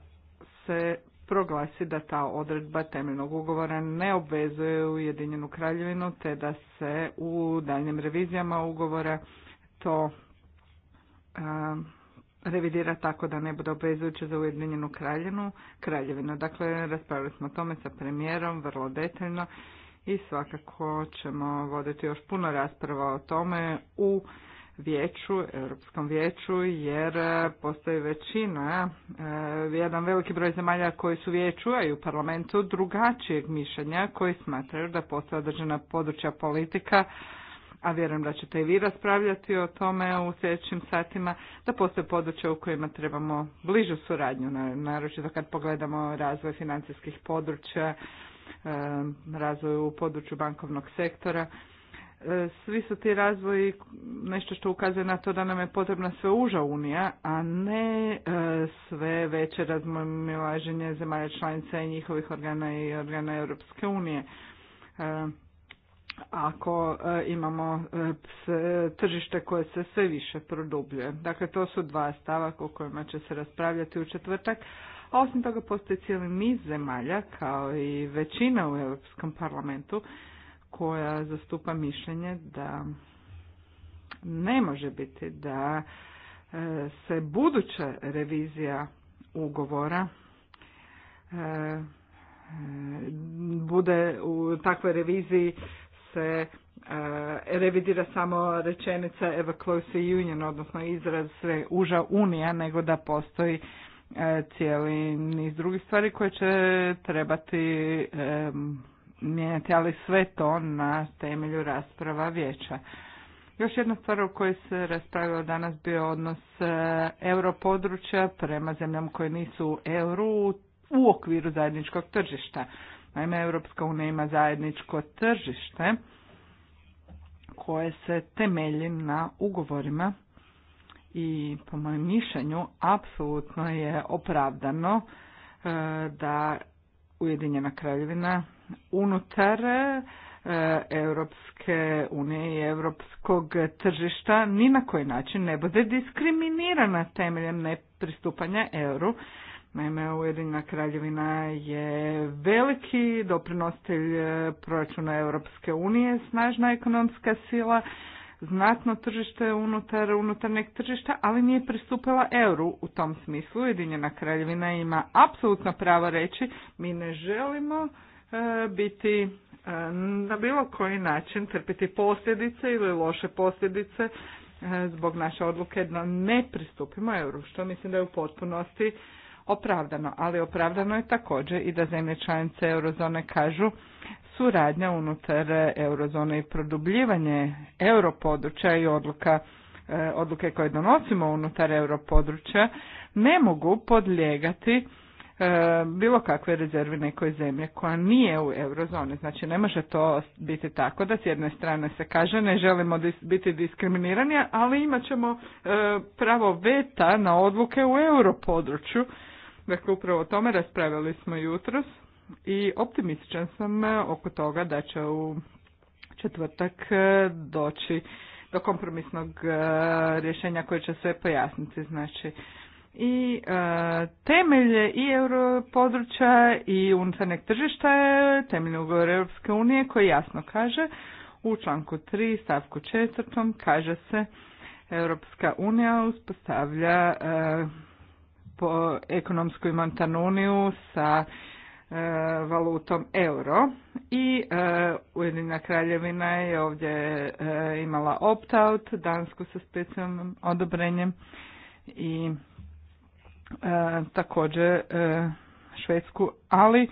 se proglasi da ta odredba temeljnog ugovora ne obvezuje Ujedinjenu kraljevinu te da se u daljnjim revizijama ugovora to revidira tako da ne bude obvezujuće za Ujedinjenu kraljevinu, kraljevinu. Dakle, raspravili smo o tome sa premijerom vrlo detaljno i svakako ćemo voditi još puno rasprava o tome u vijeću, Europskom vijeću, jer postoji većina, e, jedan veliki broj zemalja koji su vijeću, a i u parlamentu drugačijeg mišljenja koji smatraju da postoje određena područja politika a vjerujem da ćete i vi raspravljati o tome u sljedećim satima, da postoje područja u kojima trebamo bližu suradnju, naročito kad pogledamo razvoj financijskih područja, razvoj u području bankovnog sektora. E, svi su ti razvoji nešto što ukazuje na to da nam je potrebna sve uža unija, a ne e, sve veće razmimoilaženje zemalja članica i njihovih organa i organa Europske unije e, ako e, imamo e, e, tržište koje se sve više produbljuje. Dakle, to su dva stava o kojima će se raspravljati u četvrtak. A osim toga postoji cijeli niz zemalja, kao i većina u Europskom parlamentu, koja zastupa mišljenje da ne može biti da se buduća revizija ugovora bude u takvoj reviziji se e, revidira samo rečenica ever closer union, odnosno izraz sve uža unija, nego da postoji e, cijeli niz drugih stvari koje će trebati e, mijenjati, ali sve to na temelju rasprava vijeća. Još jedna stvar o kojoj se raspravilo danas bio odnos europodručja prema zemljama koje nisu eu u okviru zajedničkog tržišta. Naime, Europska unija ima zajedničko tržište koje se temelji na ugovorima i po mojem mišljenju apsolutno je opravdano e, da Ujedinjena kraljevina unutar e, Europske unije i europskog tržišta ni na koji način ne bude diskriminirana temeljem nepristupanja euru Naime, Ujedinjena kraljevina je veliki doprinositelj e, proračuna Europske unije, snažna ekonomska sila, znatno tržište unutar unutarnjeg tržišta, ali nije pristupila euru u tom smislu. Ujedinjena kraljevina ima apsolutno pravo reći mi ne želimo e, biti e, na bilo koji način trpiti posljedice ili loše posljedice zbog naše odluke da ne pristupimo euru, što mislim da je u potpunosti opravdano, ali opravdano je također i da zemlje članice eurozone kažu suradnja unutar e, eurozone i produbljivanje europodručja i odluka e, odluke koje donosimo unutar europodručja ne mogu podlijegati e, bilo kakve rezervi nekoj zemlje koja nije u eurozoni. Znači ne može to biti tako da s jedne strane se kaže ne želimo biti diskriminirani, ali imat ćemo pravo veta na odluke u europodručju Dakle, upravo o tome raspravili smo jutros i optimističan sam e, oko toga da će u četvrtak e, doći do kompromisnog e, rješenja koje će sve pojasniti. Znači, i temelje i europodručja i unutarnjeg tržišta je temeljni ugovor Europske unije koji jasno kaže u članku 3 stavku 4 kaže se Europska unija uspostavlja po ekonomskoj montanuniju sa e, valutom euro i e, Ujedina kraljevina je ovdje e, imala opt-out, Dansku sa specijalnim odobrenjem i e, također Švedsku, ali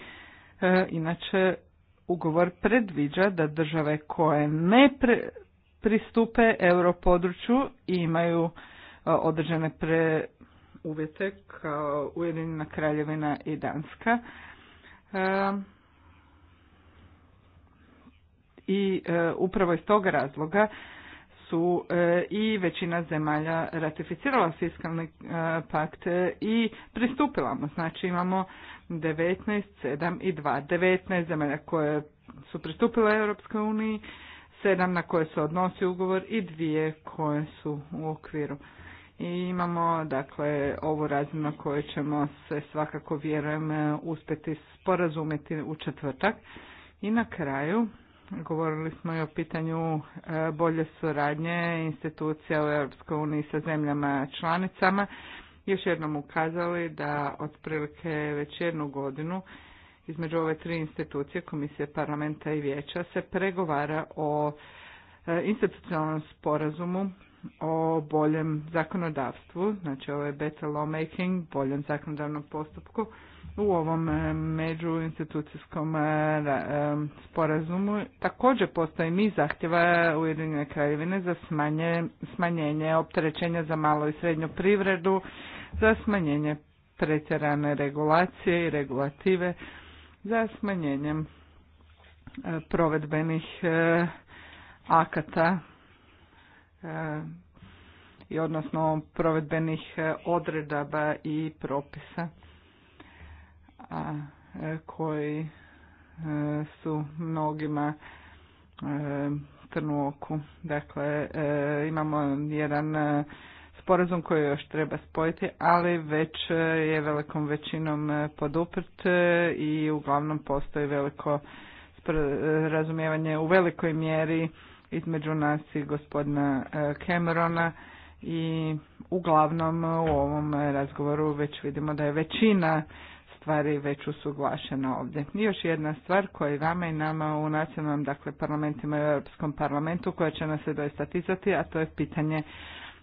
inače ugovor predviđa da države koje ne pristupe europodručju i imaju određene pre, uvjete kao Ujedinjena kraljevina i Danska. E, I e, upravo iz toga razloga su e, i većina zemalja ratificirala fiskalni pakt i pristupila mu. Znači imamo 19, 7 i 2. 19 zemalja koje su pristupile Europskoj uniji, 7 na koje se odnosi ugovor i dvije koje su u okviru. I imamo dakle ovu razinu na kojoj ćemo se svakako vjerujem uspjeti sporazumjeti u četvrtak. I na kraju govorili smo i o pitanju e, bolje suradnje institucija u EU sa zemljama članicama. Još jednom ukazali da otprilike već jednu godinu između ove tri institucije, Komisije parlamenta i vijeća, se pregovara o e, institucionalnom sporazumu o boljem zakonodavstvu, znači ovo je better lawmaking, boljem zakonodavnom postupku u ovom e, međuinstitucijskom e, e, sporazumu. Također postoji mi zahtjeva Ujedinjene kraljevine za smanje, smanjenje opterećenja za malo i srednju privredu, za smanjenje pretjerane regulacije i regulative, za smanjenjem provedbenih akata E, i odnosno provedbenih e, odredaba i propisa a, e, koji su mnogima trnu oku. Dakle, imamo jedan sporazum koji još treba spojiti, ali već je velikom većinom poduprt i uglavnom postoji veliko razumijevanje u velikoj mjeri između nas i gospodina e, Camerona i uglavnom u ovom razgovoru već vidimo da je većina stvari već usuglašena ovdje. I još jedna stvar koja i vama i nama u nacionalnom dakle, parlamentima i u Europskom parlamentu koja će nas se doista ticati, a to je pitanje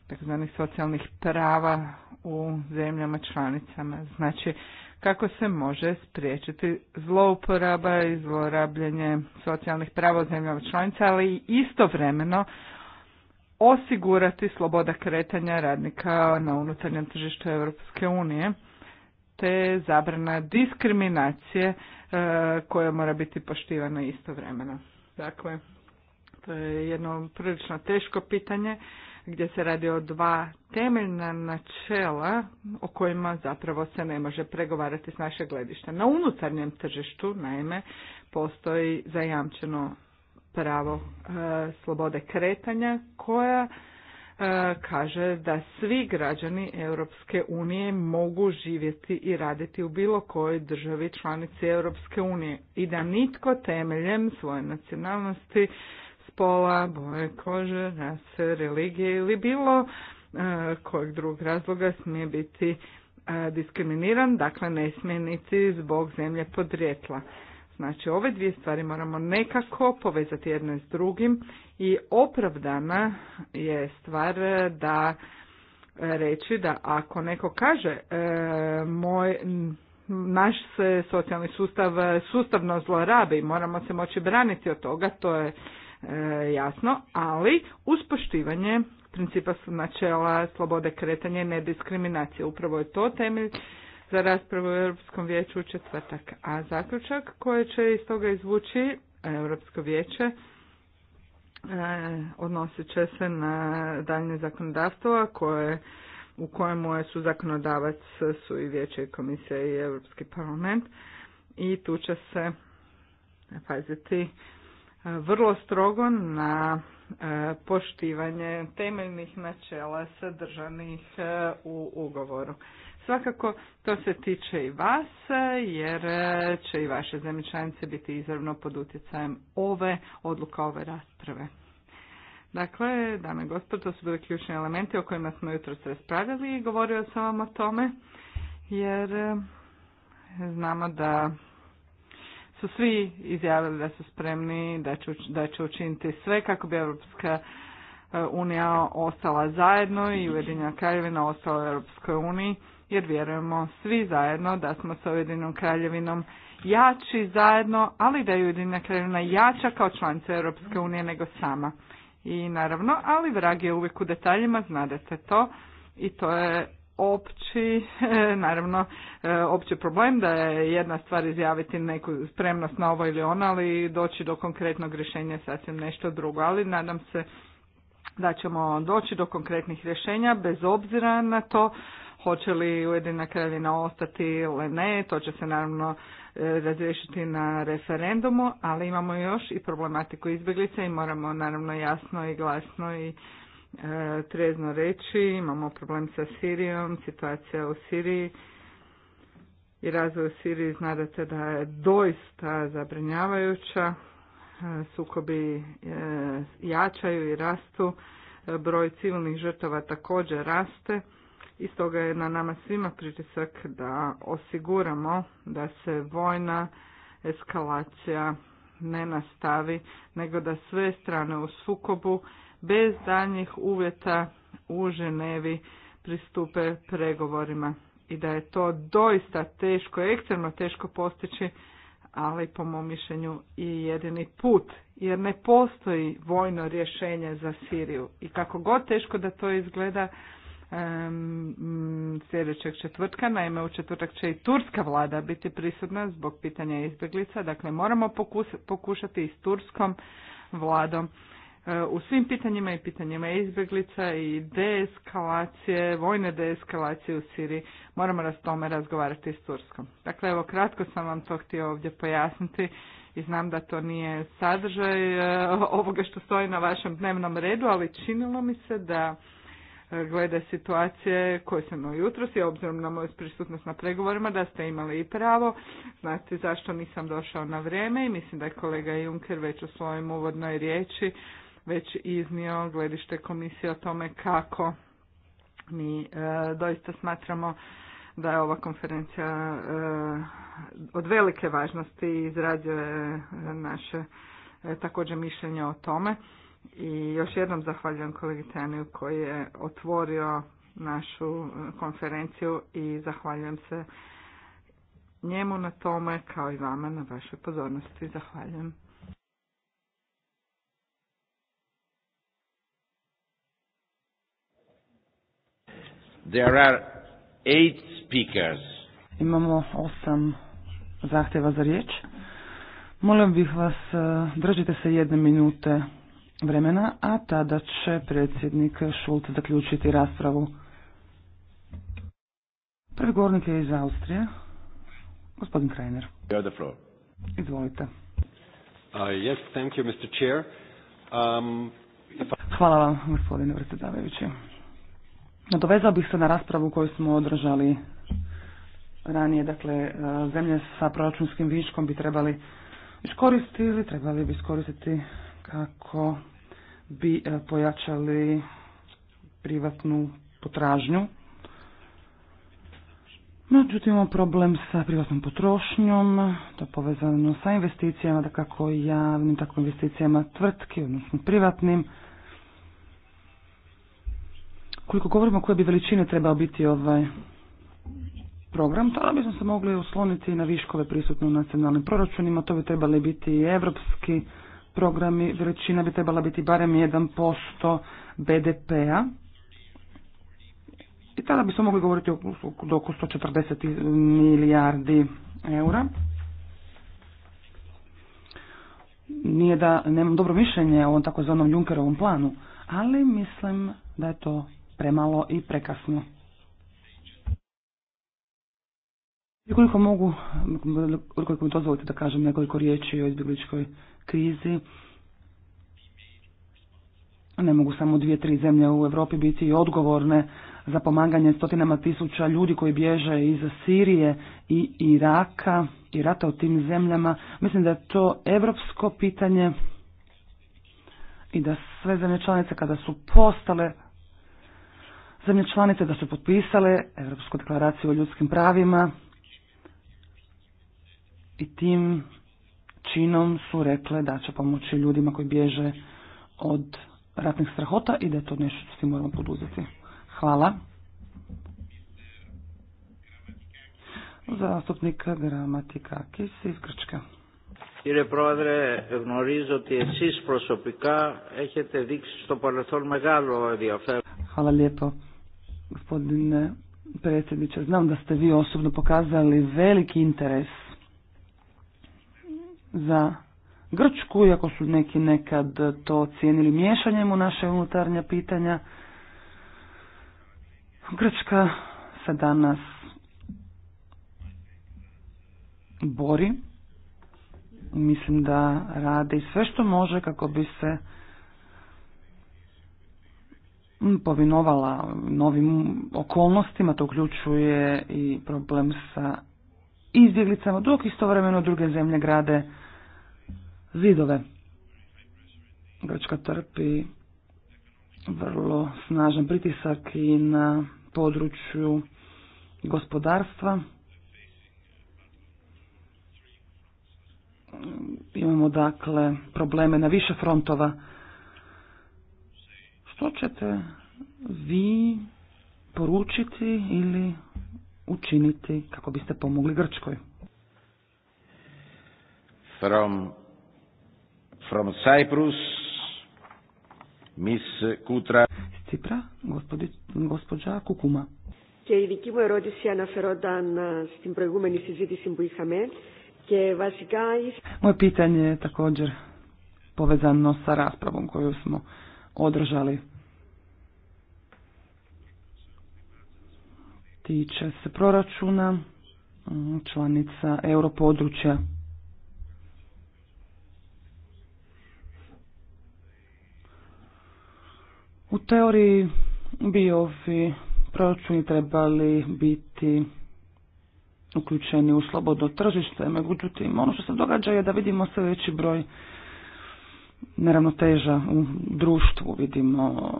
takozvanih socijalnih prava u zemljama članicama. Znači, kako se može spriječiti zlouporaba i zlorabljanje socijalnih prava zemlja članica, ali i istovremeno osigurati sloboda kretanja radnika na unutarnjem tržištu Europske unije te zabrana diskriminacije e, koja mora biti poštivana istovremeno. Dakle, to je jedno prilično teško pitanje gdje se radi o dva temeljna načela o kojima zapravo se ne može pregovarati s našeg gledišta. Na unutarnjem tržištu, naime, postoji zajamčeno pravo e, slobode kretanja koja e, kaže da svi građani Europske unije mogu živjeti i raditi u bilo kojoj državi članici Europske unije i da nitko temeljem svoje nacionalnosti spola, boje kože, rase, religije ili bilo e, kojeg drugog razloga smije biti e, diskriminiran, dakle ne smije niti zbog zemlje podrijetla. Znači, ove dvije stvari moramo nekako povezati jedno s drugim i opravdana je stvar da reći da ako neko kaže e, moj, naš se socijalni sustav sustavno zlorabi i moramo se moći braniti od toga, to je E, jasno, ali uz poštivanje principa su načela slobode kretanja i nediskriminacije. Upravo je to temelj za raspravu u Europskom vijeću u četvrtak. A zaključak koje će iz toga izvući Europsko vijeće e, odnosit će se na daljnje zakonodavstvo koje, u kojemu su zakonodavac su i vijeće i i Europski parlament i tu će se paziti vrlo strogo na e, poštivanje temeljnih načela sadržanih e, u ugovoru. Svakako to se tiče i vas jer e, će i vaše zemljičanice biti izravno pod utjecajem ove odluka ove rasprave. Dakle, dame i gospodo, to su bili ključni elementi o kojima smo jutro raspravljali i govorio sam vam o tome jer znamo da su svi izjavili da su spremni, da će, da učiniti sve kako bi Europska e, unija ostala zajedno i Ujedinjena kraljevina ostala u Europskoj uniji, jer vjerujemo svi zajedno da smo sa Ujedinjenom kraljevinom jači zajedno, ali da je Ujedinjena kraljevina jača kao članica Europske unije nego sama. I naravno, ali vrag je uvijek u detaljima, znate to, i to je opći, naravno, e, opći problem da je jedna stvar izjaviti neku spremnost na ovo ili ono, ali doći do konkretnog rješenja je sasvim nešto drugo. Ali nadam se da ćemo doći do konkretnih rješenja bez obzira na to hoće li Ujedina kraljina ostati ili ne, to će se naravno e, razriješiti na referendumu, ali imamo još i problematiku izbjeglice i moramo naravno jasno i glasno i trezno reći, imamo problem sa Sirijom, situacija u Siriji i razvoj u Siriji znate da je doista zabrinjavajuća, sukobi e, jačaju i rastu, broj civilnih žrtava također raste i stoga je na nama svima pritisak da osiguramo da se vojna eskalacija ne nastavi, nego da sve strane u sukobu bez daljnjih uvjeta u Ženevi pristupe pregovorima i da je to doista teško, ekstremno teško postići, ali po mom mišljenju i jedini put, jer ne postoji vojno rješenje za Siriju. I kako god teško da to izgleda, um, sljedećeg četvrtka, naime u četvrtak će i turska vlada biti prisutna zbog pitanja izbjeglica, dakle moramo pokušati i s turskom vladom E, u svim pitanjima i pitanjima izbjeglica i deeskalacije, vojne deeskalacije u Siriji. Moramo raz tome razgovarati s Turskom. Dakle, evo kratko sam vam to htio ovdje pojasniti i znam da to nije sadržaj e, ovoga što stoji na vašem dnevnom redu, ali činilo mi se da e, glede situacije koje sam ujutro i obzirom na moju prisutnost na pregovorima da ste imali i pravo. Znate zašto nisam došao na vrijeme i mislim da je kolega Junker već u svojoj uvodnoj riječi već iznio gledište komisije o tome kako mi e, doista smatramo da je ova konferencija e, od velike važnosti i izrađuje e, naše također mišljenje o tome. I još jednom zahvaljujem kolegi Taniju koji je otvorio našu konferenciju i zahvaljujem se njemu na tome kao i vama na vašoj pozornosti. Zahvaljujem. There are eight speakers. Imamo osam zahtjeva za riječ. Molim bih vas, e, držite se jedne minute vremena, a tada će predsjednik Šult zaključiti raspravu. Prvi govornik je iz Austrije, gospodin Krajner. Izvolite. Uh, um, Hvala vam, gospodine predsjedavajući. Nadovezao bih se na raspravu koju smo održali ranije, dakle e, zemlje sa proračunskim viškom bi trebali iskoristiti ili trebali bi iskoristiti kako bi e, pojačali privatnu potražnju. Međutim, imamo problem sa privatnom potrošnjom, to je povezano sa investicijama, da kako javnim, tako investicijama tvrtki, odnosno privatnim koliko govorimo koje bi veličine trebao biti ovaj program, tada bismo se mogli osloniti na viškove prisutne u nacionalnim proračunima, to bi trebali biti i evropski programi, veličina bi trebala biti barem 1% BDP-a. I tada bismo mogli govoriti oko 140 milijardi eura. Nije da nemam dobro mišljenje o ovom takozvanom Junkerovom planu, ali mislim da je to premalo i prekasno. koliko mogu, koliko mi dozvolite da kažem nekoliko riječi o izbjegličkoj krizi, ne mogu samo dvije, tri zemlje u Europi biti i odgovorne za pomaganje stotinama tisuća ljudi koji bježe iz Sirije i Iraka i rata u tim zemljama. Mislim da je to europsko pitanje i da sve zemlje članice kada su postale zemlje članice da su potpisale Europsku deklaraciju o ljudskim pravima i tim činom su rekle da će pomoći ljudima koji bježe od ratnih strahota i da je to nešto što svi moramo poduzeti. Hvala. Zastupnik Gramatika Kis iz Grčka. Κύριε Πρόεδρε, γνωρίζω Hvala lijepo gospodine predsjedniče. Znam da ste vi osobno pokazali veliki interes za Grčku, iako su neki nekad to cijenili miješanjem u naše unutarnja pitanja. Grčka se danas bori. Mislim da radi sve što može kako bi se povinovala novim okolnostima, to uključuje i problem sa izbjeglicama, dok istovremeno druge zemlje grade zidove. Grčka trpi vrlo snažan pritisak i na području gospodarstva. Imamo dakle probleme na više frontova ćete vi poručiti ili učiniti kako biste pomogli Grčkoj? From, from Cyprus, Miss Kutra. S Cipra, gospodi, gospođa Kukuma. Και η δική μου ερώτηση αναφερόταν στην προηγούμενη συζήτηση που είχαμε και βασικά... Moje pitanje je također povezano sa raspravom koju smo održali tiče se proračuna mm, članica europodručja. U teoriji bi ovi proračuni trebali biti uključeni u slobodno tržište, međutim ono što se događa je da vidimo sve veći broj neravnoteža u društvu, vidimo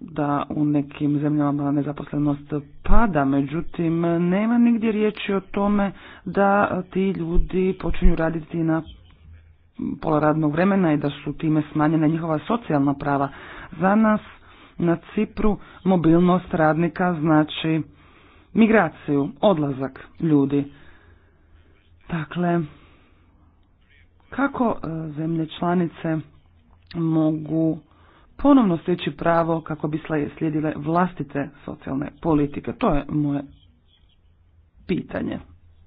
da u nekim zemljama nezaposlenost pada, međutim nema nigdje riječi o tome da ti ljudi počinju raditi na pola radnog vremena i da su time smanjena njihova socijalna prava. Za nas na Cipru mobilnost radnika znači migraciju, odlazak ljudi. Dakle, kako e, zemlje članice mogu ponovno steći pravo kako bi slijedile vlastite socijalne politike. To je moje pitanje.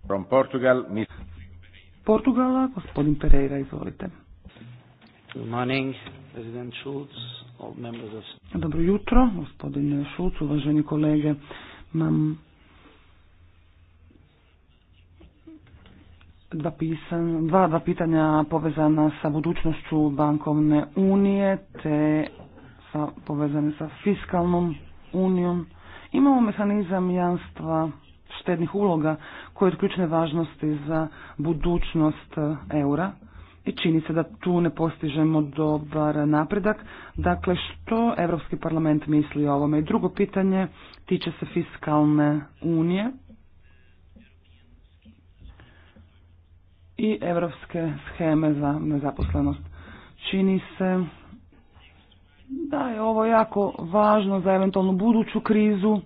From Portugal, Portugala, gospodin Pereira, izvolite. Good morning, President members of... Dobro jutro, gospodin Šulc, uvaženi kolege. Mam dva, dva, dva pitanja povezana sa budućnošću bankovne unije te sa, povezane sa fiskalnom unijom. Imamo mehanizam jamstva štednih uloga koji je od ključne važnosti za budućnost e, eura i čini se da tu ne postižemo dobar napredak. Dakle, što Europski parlament misli o ovome? I drugo pitanje tiče se fiskalne unije. i evropske scheme za nezaposlenost. Čini se da je ovo jako važno za eventualnu buduću krizu.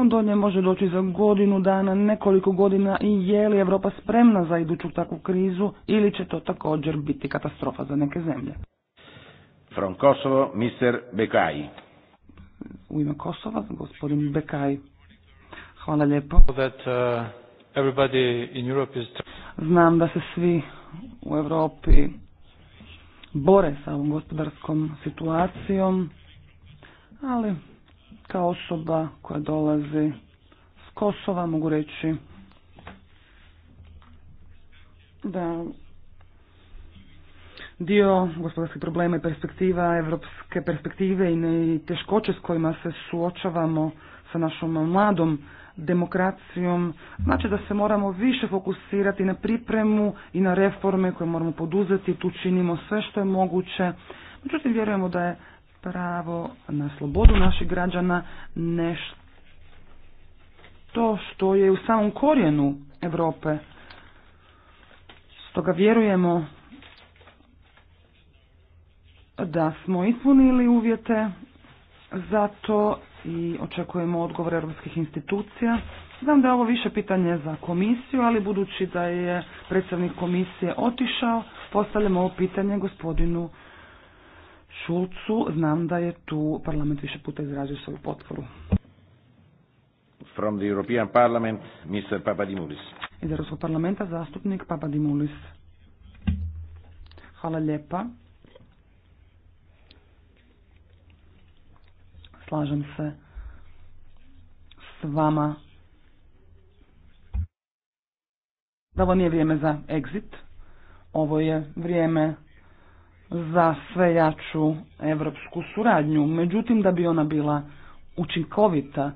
On do nje može doći za godinu dana, nekoliko godina i je li Europa spremna za iduću takvu krizu ili će to također biti katastrofa za neke zemlje. From Kosovo, Mr. Bekaj. U ime Kosova, gospodin Bekaj. Hvala lijepo. Uh, Znam da se svi u Europi bore sa ovom gospodarskom situacijom, ali kao osoba koja dolazi s Kosova mogu reći da dio gospodarskih problema i perspektiva, evropske perspektive i teškoće s kojima se suočavamo sa našom mladom demokracijom, znači da se moramo više fokusirati na pripremu i na reforme koje moramo poduzeti, tu činimo sve što je moguće. Međutim, vjerujemo da je pravo na slobodu naših građana nešto što je u samom korijenu Europe. Stoga vjerujemo da smo ispunili uvjete zato i očekujemo odgovor europskih institucija. Znam da je ovo više pitanje za komisiju, ali budući da je predsjednik komisije otišao, postavljamo ovo pitanje gospodinu Šulcu. Znam da je tu parlament više puta izrazio svoju potporu. From the European Parliament, Mr. Papadimoulis. Iz Europskog parlamenta zastupnik Papadimoulis. Hvala lijepa. slažem se s vama da ovo nije vrijeme za exit, ovo je vrijeme za sve jaču evropsku suradnju. Međutim, da bi ona bila učinkovita,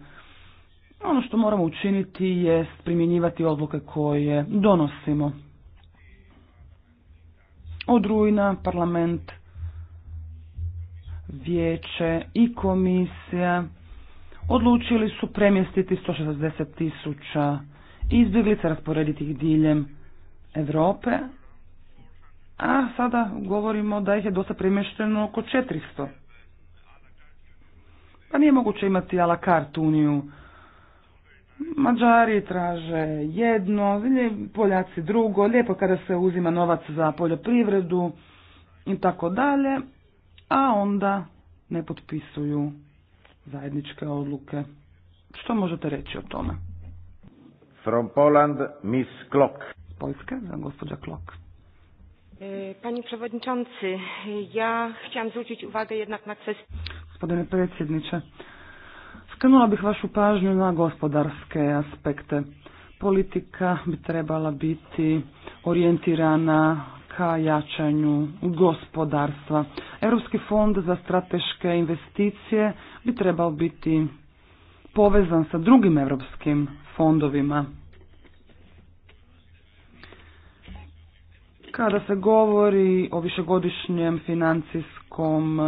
ono što moramo učiniti je primjenjivati odluke koje donosimo. Od rujna parlament vijeće i komisija odlučili su premjestiti 160 tisuća izbjeglica, rasporediti ih diljem Europe, a sada govorimo da ih je dosta premješteno oko 400. Pa nije moguće imati a la carte uniju. Mađari traže jedno, Poljaci drugo, lijepo kada se uzima novac za poljoprivredu i tako dalje, a onda ne potpisuju zajedničke odluke. Što možete reći o tome? From Poland, Miss Klok. polske za gospođa Klok. E, Panie przewodniczący, ja chciałam zwrócić uwagę jednak na kwestię... Gospodine predsjedniče, skrenula bih vašu pažnju na gospodarske aspekte. Politika bi trebala biti orijentirana ka jačanju gospodarstva. Europski fond za strateške investicije bi trebao biti povezan sa drugim europskim fondovima. Kada se govori o višegodišnjem financijskom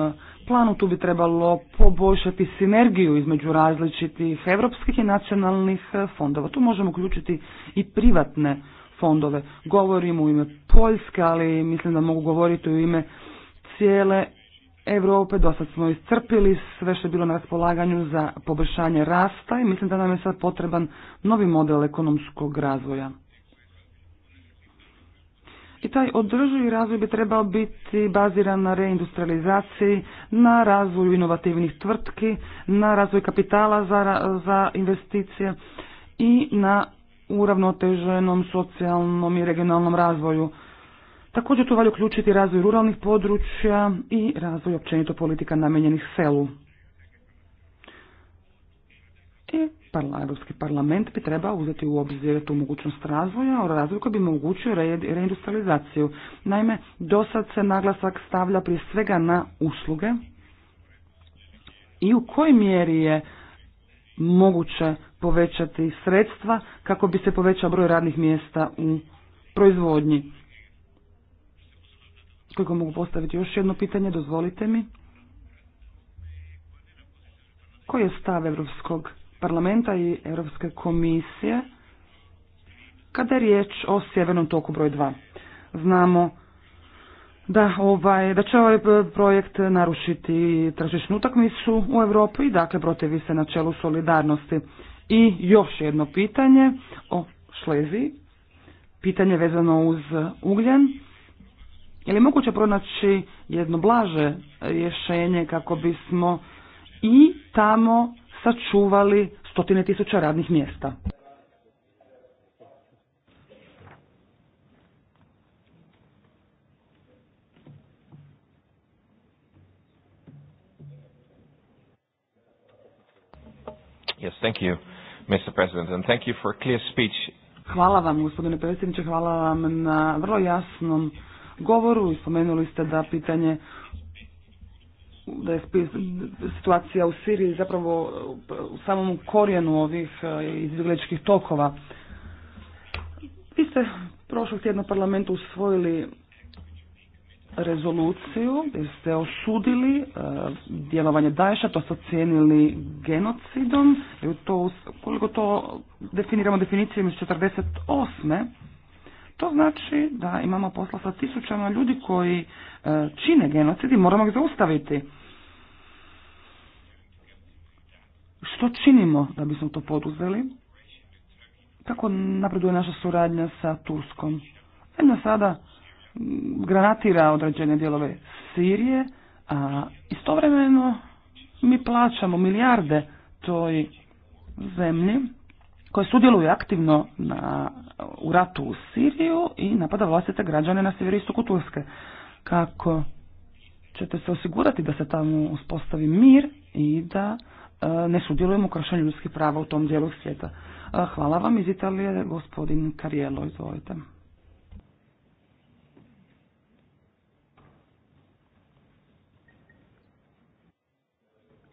planu, tu bi trebalo poboljšati sinergiju između različitih europskih i nacionalnih fondova. Tu možemo uključiti i privatne fondove. Govorim u ime Poljske, ali mislim da mogu govoriti u ime cijele Europe. Do smo iscrpili sve što je bilo na raspolaganju za poboljšanje rasta i mislim da nam je sad potreban novi model ekonomskog razvoja. I taj održivi razvoj bi trebao biti baziran na reindustrializaciji, na razvoju inovativnih tvrtki, na razvoj kapitala za, za investicije i na uravnoteženom socijalnom i regionalnom razvoju. Također tu valja uključiti razvoj ruralnih područja i razvoj općenito politika namijenjenih selu. I Europski parlament bi trebao uzeti u obzir tu mogućnost razvoja, o razvoju koji bi mogućio reindustrializaciju. Naime, dosad se naglasak stavlja prije svega na usluge i u kojoj mjeri je moguće povećati sredstva kako bi se povećao broj radnih mjesta u proizvodnji. Koliko mogu postaviti još jedno pitanje, dozvolite mi. Koji je stav Europskog parlamenta i Europske komisije kada je riječ o sjevernom toku broj 2? Znamo da, ovaj, da će ovaj projekt narušiti tržišnu utakmicu u Europi i dakle protivi se čelu solidarnosti. I još jedno pitanje o šlezi, pitanje vezano uz ugljen. Je li moguće pronaći jedno blaže rješenje kako bismo i tamo sačuvali stotine tisuća radnih mjesta? Yes, thank you. Mr. President, and thank you for a clear speech. Hvala vam, gospodine predsjedniče, hvala vam na vrlo jasnom govoru. Spomenuli ste da pitanje da je situacija u Siriji zapravo u samom korijenu ovih eh, izbjegličkih tokova. Vi ste prošlog tjedna parlamentu usvojili rezoluciju jer ste osudili e, djelovanje Daješa, to ste ocijenili genocidom. I to, koliko to definiramo definicijom iz 48. To znači da imamo posla sa tisućama ljudi koji e, čine genocid i moramo ih zaustaviti. Što činimo da bismo to poduzeli? Kako napreduje naša suradnja sa Turskom? Jedna sada granatira određene dijelove Sirije, a istovremeno mi plaćamo milijarde toj zemlji koja sudjeluje aktivno na, u ratu u Siriju i napada vlastite građane na sjeveristoku Turske. Kako ćete se osigurati da se tamo uspostavi mir i da e, ne sudjelujemo u kršenju ljudskih prava u tom dijelu svijeta. E, hvala vam iz Italije, gospodin Karijelo, izvolite.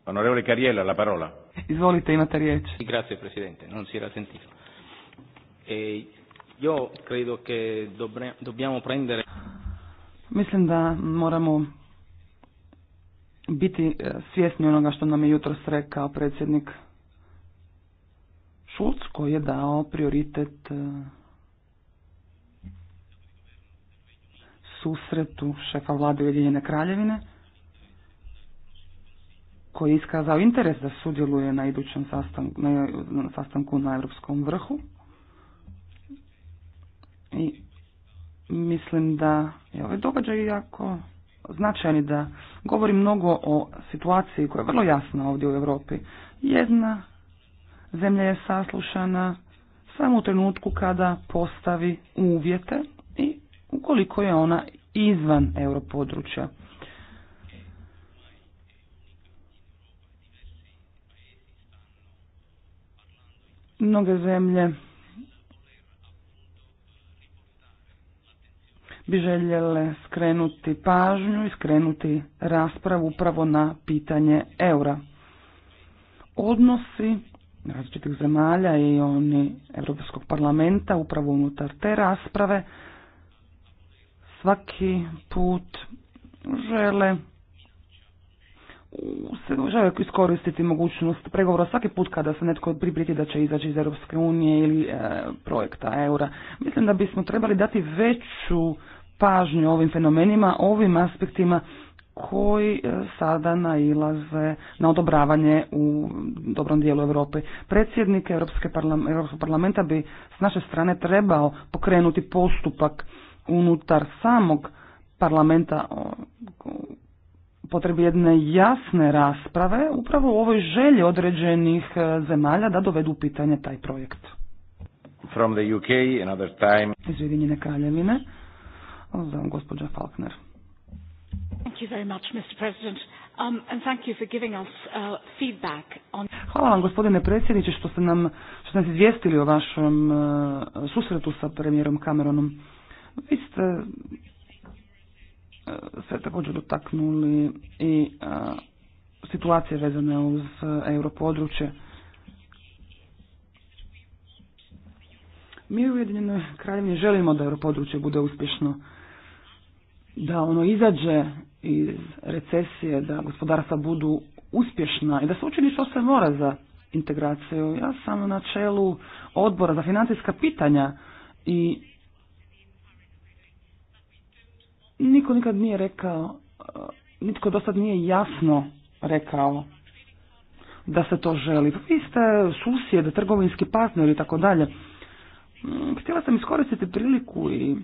Onorevole Cariella, la parola. Izvolite, imate riječ. Grazie, Presidente, non si era sentito. E, eh, io credo che dobbiamo prendere... Mislim da moramo biti eh, svjesni onoga što nam je jutros rekao predsjednik Šulc koji je dao prioritet eh, susretu šefa vlade Ujedinjene kraljevine koji je iskazao interes da sudjeluje na idućem sastanku na, sastanku na Europskom vrhu. I mislim da je ovaj događaj jako značajni da govori mnogo o situaciji koja je vrlo jasna ovdje u Europi. Jedna zemlja je saslušana samo u trenutku kada postavi uvjete i ukoliko je ona izvan europodručja. Mnoge zemlje bi željele skrenuti pažnju i skrenuti raspravu upravo na pitanje eura. Odnosi različitih zemalja i oni Europskog parlamenta upravo unutar te rasprave svaki put žele se žele iskoristiti mogućnost pregovora svaki put kada se netko pribriti da će izaći iz Europske unije ili e, projekta eura. Mislim da bismo trebali dati veću pažnju ovim fenomenima, ovim aspektima koji e, sada nailaze na odobravanje u dobrom dijelu Europe. Predsjednik Europske Europskog parlamenta bi s naše strane trebao pokrenuti postupak unutar samog parlamenta potrebi jedne jasne rasprave upravo u ovoj želji određenih e, zemalja da dovedu u pitanje taj projekt. From the UK, another time. Iz Ujedinjene kraljevine. Znam, gospođa Faulkner. Thank you very much, Mr. President. Um, and thank you for giving us uh, feedback on... Hvala vam, gospodine predsjedniče, što ste nam, što ste nas izvijestili o vašem uh, susretu sa premijerom Cameronom. Vi ste se također dotaknuli i situacije vezane uz europodručje. Mi u Ujedinjenoj kraljevini želimo da europodručje bude uspješno, da ono izađe iz recesije, da gospodarstva budu uspješna i da se učini što se mora za integraciju. Ja sam na čelu odbora za financijska pitanja i Niko nikad nije rekao, e, nitko do sad nije jasno rekao da se to želi. Pa vi ste susjede, trgovinski partner i tako dalje. Mm, htjela sam iskoristiti priliku i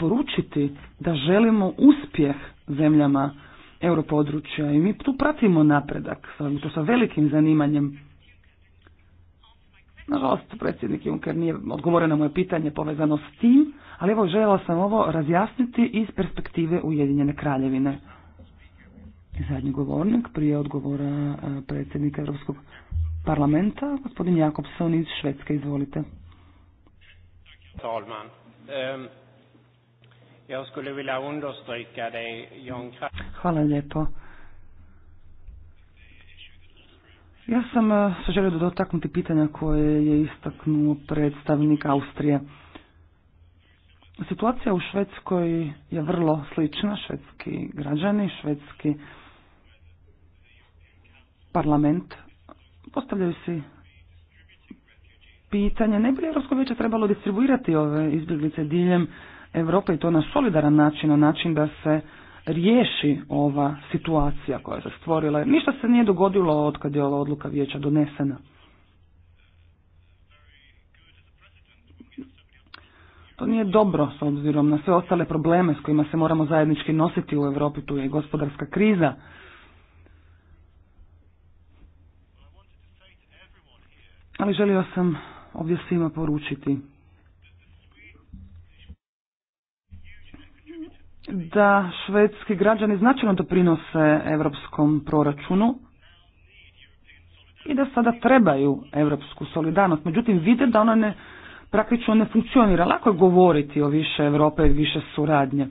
poručiti da želimo uspjeh zemljama europodručja i mi tu pratimo napredak, to sa velikim zanimanjem. Nažalost, predsjednik Juncker nije odgovorio na moje pitanje povezano s tim, ali evo, željela sam ovo razjasniti iz perspektive Ujedinjene kraljevine. Zadnji govornik prije odgovora e, predsjednika Europskog parlamenta, gospodin Jakobson iz Švedske, izvolite. Talman. ja skulle vilja understryka Hvala lijepo. Ja sam se želio dotaknuti pitanja koje je istaknuo predstavnik Austrije. Situacija u Švedskoj je vrlo slična. Švedski građani, švedski parlament postavljaju si pitanje ne bi li Europsko vijeće trebalo distribuirati ove izbjeglice diljem Europe i to na solidaran način, na način da se riješi ova situacija koja se stvorila. Ništa se nije dogodilo od kad je ova odluka vijeća donesena. To nije dobro s obzirom na sve ostale probleme s kojima se moramo zajednički nositi u Europi, tu je gospodarska kriza. Ali želio sam ovdje svima poručiti da švedski građani značajno doprinose europskom proračunu i da sada trebaju europsku solidarnost. Međutim, vide da ona ne praktično ne funkcionira. Lako je govoriti o više Europe i više suradnje.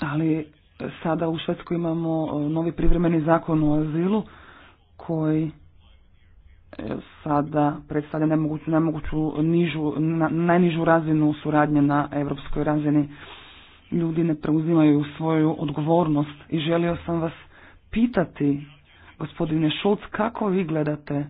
Ali sada u Švedskoj imamo e, novi privremeni zakon o azilu koji e, sada predstavlja nemoguću, nemoguću nižu, na, najnižu razinu suradnje na europskoj razini ljudi ne preuzimaju svoju odgovornost i želio sam vas pitati, gospodine Šulc, kako vi gledate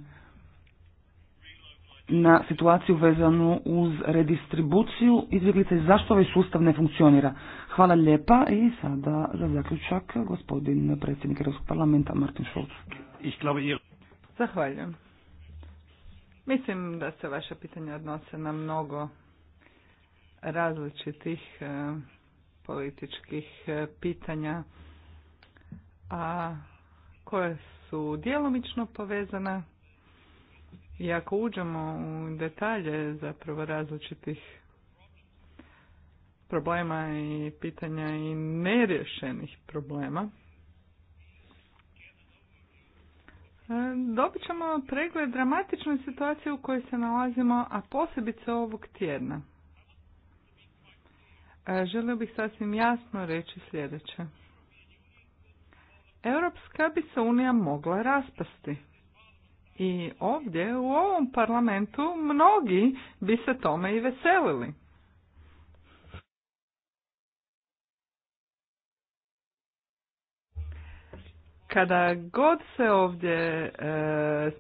na situaciju vezanu uz redistribuciju izbjeglica i zašto ovaj sustav ne funkcionira. Hvala lijepa i sada za zaključak gospodin predsjednik Europskog parlamenta Martin Schulz. Zahvaljujem. Mislim da se vaše pitanje odnose na mnogo različitih eh, političkih e, pitanja, a koje su djelomično povezana i ako uđemo u detalje zapravo različitih problema i pitanja i nerješenih problema, e, dobit ćemo pregled dramatične situacije u kojoj se nalazimo, a posebice ovog tjedna. E, želio bih sasvim jasno reći sljedeće. Europska bi se unija mogla raspasti. I ovdje u ovom parlamentu mnogi bi se tome i veselili. Kada god se ovdje e,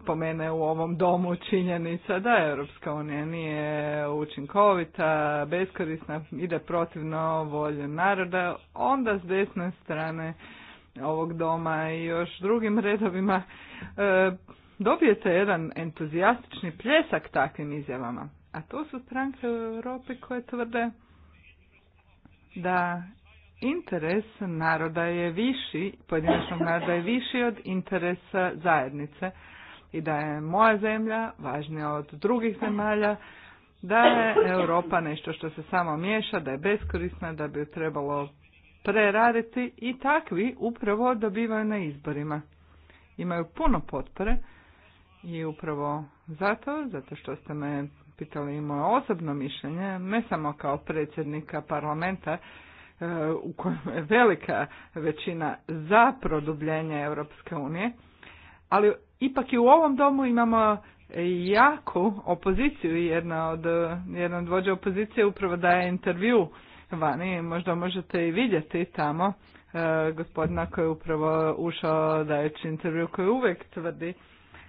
spomene u ovom domu činjenica da Europska unija nije učinkovita, beskorisna, ide protivno volje naroda, onda s desne strane ovog doma i još drugim redovima e, dobijete jedan entuzijastični pljesak takvim izjavama. A to su stranke u Europi koje tvrde da interes naroda je viši, pojedinačnog naroda je viši od interesa zajednice i da je moja zemlja važnija od drugih zemalja, da je Europa nešto što se samo miješa, da je beskorisna, da bi trebalo preraditi i takvi upravo dobivaju na izborima. Imaju puno potpore i upravo zato, zato što ste me pitali i moje osobno mišljenje, ne samo kao predsjednika parlamenta, E, u kojem je velika većina za produbljenje Europske unije, ali ipak i u ovom domu imamo jaku opoziciju i jedna od, jedna od vođa opozicije upravo daje intervju vani, možda možete i vidjeti tamo e, gospodina koji je upravo ušao dajeći intervju koji uvijek tvrdi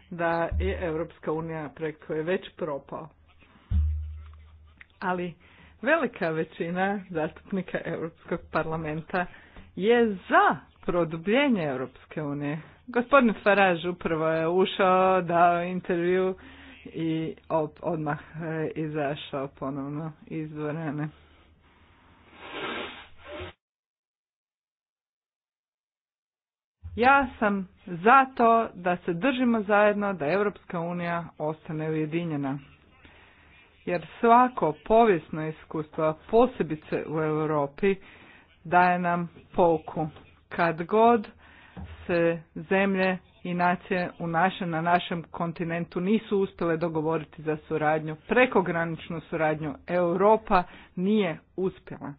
da je Europska unija preko je već propao. Ali velika većina zastupnika Europskog parlamenta je za produbljenje Europske unije. Gospodin Faraž upravo je ušao, dao intervju i odmah eh, izašao ponovno iz dvorane. Ja sam za to da se držimo zajedno, da Europska unija ostane ujedinjena jer svako povijesno iskustvo, posebice u Europi, daje nam pouku. Kad god se zemlje i nacije u našem, na našem kontinentu nisu uspjele dogovoriti za suradnju, prekograničnu suradnju, Europa nije uspjela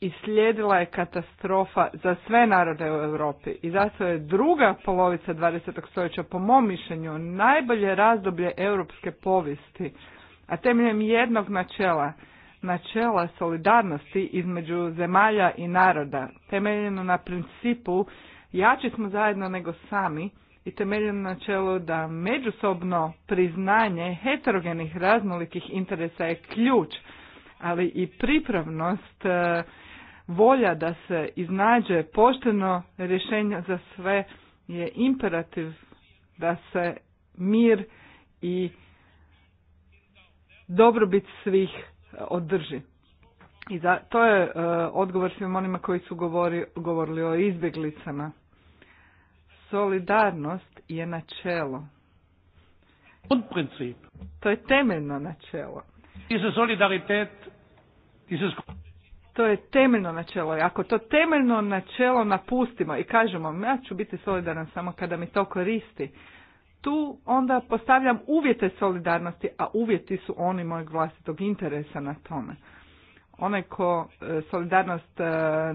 i slijedila je katastrofa za sve narode u Europi i zato je druga polovica 20. stoljeća po mom mišljenju najbolje razdoblje europske povijesti, a temeljem jednog načela, načela solidarnosti između zemalja i naroda, temeljeno na principu jači smo zajedno nego sami i temeljeno na načelu da međusobno priznanje heterogenih raznolikih interesa je ključ, ali i pripravnost eh, volja da se iznađe pošteno rješenje za sve je imperativ da se mir i dobrobit svih e, održi. I za, to je e, odgovor svim onima koji su govorili o izbjeglicama. Solidarnost je načelo. To je temeljno načelo. i Solidarität, dieses to je temeljno načelo i ako to temeljno načelo napustimo i kažemo ja ću biti solidaran samo kada mi to koristi, tu onda postavljam uvjete solidarnosti, a uvjeti su oni mojeg vlastitog interesa na tome. Onaj ko e, solidarnost e,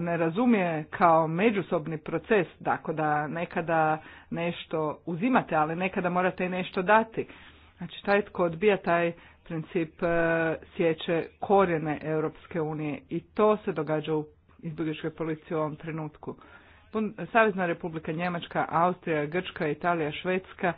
ne razumije kao međusobni proces, tako da nekada nešto uzimate, ali nekada morate i nešto dati. Znači taj tko odbija taj princip e, sjeće korijene Europske unije i to se događa u izbjegličkoj policiji u ovom trenutku. Savezna Republika Njemačka, Austrija, Grčka, Italija, Švedska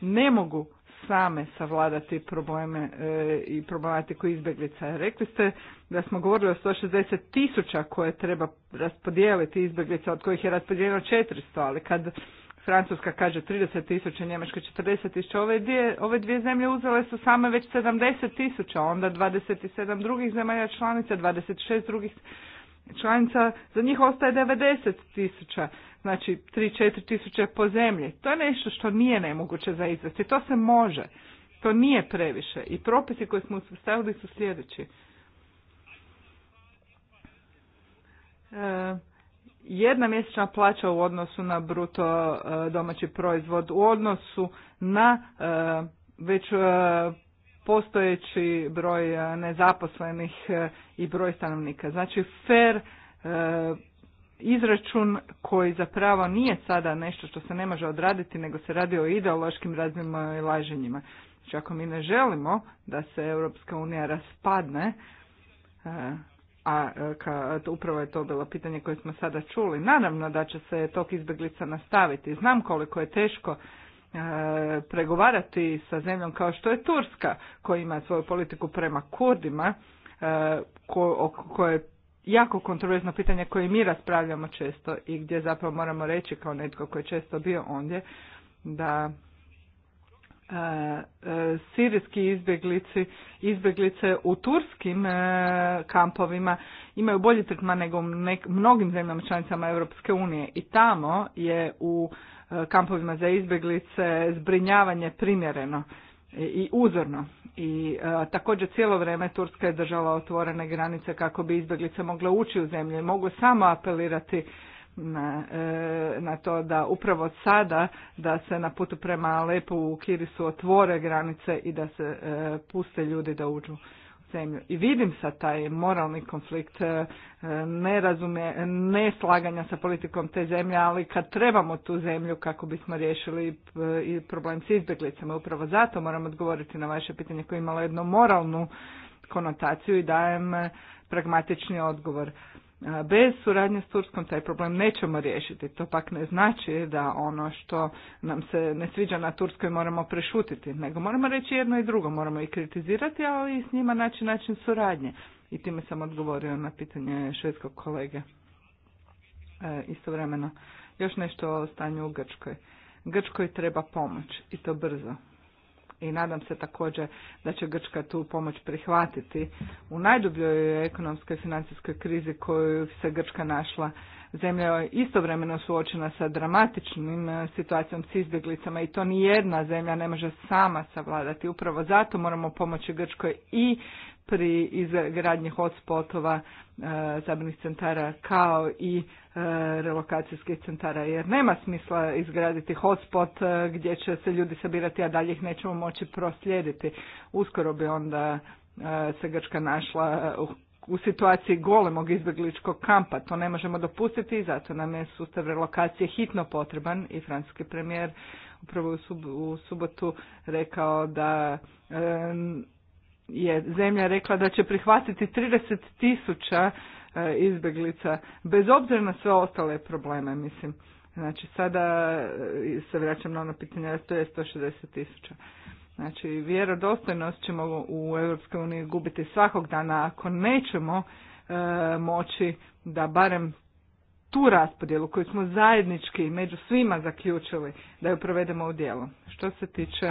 ne mogu same savladati probleme e, i problematiku izbjeglica. Rekli ste da smo govorili o 160 tisuća koje treba raspodijeliti izbjeglica, od kojih je raspodijeljeno 400, ali kad Francuska kaže 30 tisuća, Njemačka 40 tisuća. Ove dvije, ove dvije zemlje uzele su same već 70 tisuća, onda 27 drugih zemalja članica, 26 drugih članica, za njih ostaje 90 tisuća, znači 3-4 tisuće po zemlji. To je nešto što nije nemoguće za izvesti, to se može, to nije previše i propisi koje smo uspostavili su sljedeći. E, jedna mjesečna plaća u odnosu na bruto e, domaći proizvod, u odnosu na e, već e, postojeći broj nezaposlenih i broj stanovnika. Znači fair izračun koji zapravo nije sada nešto što se ne može odraditi, nego se radi o ideološkim razmima i laženjima. Znači ako mi ne želimo da se Europska unija raspadne, a e, ka, upravo je to bilo pitanje koje smo sada čuli. Naravno da će se tok izbjeglica nastaviti. Znam koliko je teško e, pregovarati sa zemljom kao što je Turska koja ima svoju politiku prema Kurdima e, ko, koje je jako kontroverzno pitanje koje mi raspravljamo često i gdje zapravo moramo reći kao netko koji je često bio ondje da E, e, sirijski izbjeglici, izbjeglice u turskim e, kampovima imaju bolji tretman nego u mnogim zemljama članicama Europske unije i tamo je u kampovima za izbjeglice zbrinjavanje primjereno i uzorno. I također cijelo vrijeme Turska je držala otvorene granice kako bi izbjeglice mogle ući u zemlju. Mogu samo apelirati na, e, na to da upravo sada da se na putu prema Lepu u Kirisu otvore granice i da se e, puste ljudi da uđu u zemlju. I vidim sad taj moralni konflikt e, nerazume, neslaganja sa politikom te zemlje, ali kad trebamo tu zemlju kako bismo riješili i problem s izbjeglicama. Upravo zato moram odgovoriti na vaše pitanje koje je imalo jednu moralnu konotaciju i dajem pragmatični odgovor. Bez suradnje s Turskom taj problem nećemo riješiti. To pak ne znači da ono što nam se ne sviđa na Turskoj moramo prešutiti, nego moramo reći jedno i drugo, moramo i kritizirati, ali i s njima naći način suradnje. I time sam odgovorio na pitanje švedskog kolege e, istovremeno. Još nešto o stanju u Grčkoj. Grčkoj treba pomoć i to brzo i nadam se također da će Grčka tu pomoć prihvatiti. U najdubljoj ekonomskoj i financijskoj krizi koju se Grčka našla, zemlja je istovremeno suočena sa dramatičnim e, situacijom s izbjeglicama i to ni jedna zemlja ne može sama savladati. Upravo zato moramo pomoći Grčkoj i pri izgradnji hotspotova e, zabranih centara kao i e, relokacijskih centara jer nema smisla izgraditi hotspot e, gdje će se ljudi sabirati a dalje ih nećemo moći proslijediti. Uskoro bi onda se Grčka našla u situaciji golemog izbjegličkog kampa. To ne možemo dopustiti i zato nam je sustav relokacije hitno potreban i francuski premijer upravo u, subotu rekao da je zemlja rekla da će prihvatiti 30 tisuća e, izbjeglica, bez obzira na sve ostale probleme, mislim. Znači, sada e, se vraćam na ono pitanje, to je 160 tisuća. Znači, vjerodostojnost ćemo u EU gubiti svakog dana ako nećemo e, moći da barem tu raspodjelu koju smo zajednički među svima zaključili da ju provedemo u dijelu. Što se tiče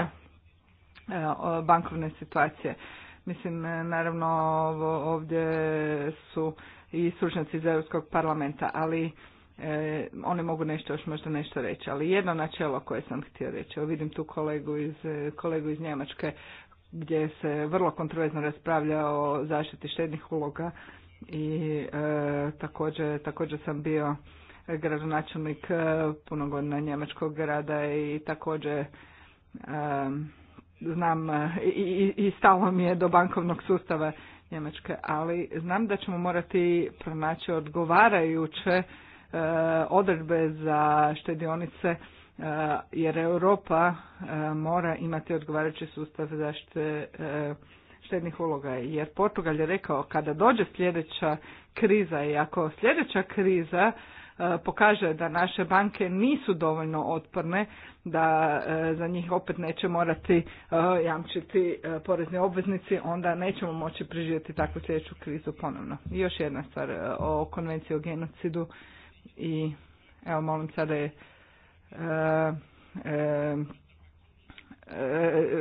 bankovne situacije. Mislim, e, naravno, ovdje su i stručnjaci iz Europskog parlamenta, ali e, oni mogu nešto još možda nešto reći. Ali jedno načelo koje sam htio reći, evo vidim tu kolegu iz, e, kolegu iz Njemačke, gdje se vrlo kontroverzno raspravlja o zaštiti štednih uloga i također, također sam bio gradonačelnik puno godina njemačkog grada i također znam e, i, i stalo mi je do bankovnog sustava Njemačke, ali znam da ćemo morati pronaći odgovarajuće e, odredbe za štedionice e, jer Europa e, mora imati odgovarajući sustav zaštite štednih uloga. Jer Portugal je rekao kada dođe sljedeća kriza i ako sljedeća kriza E, pokaže da naše banke nisu dovoljno otporne, da e, za njih opet neće morati e, jamčiti porezni obveznici, onda nećemo moći preživjeti takvu sljedeću krizu ponovno. I još jedna stvar o konvenciji o genocidu i evo molim sada je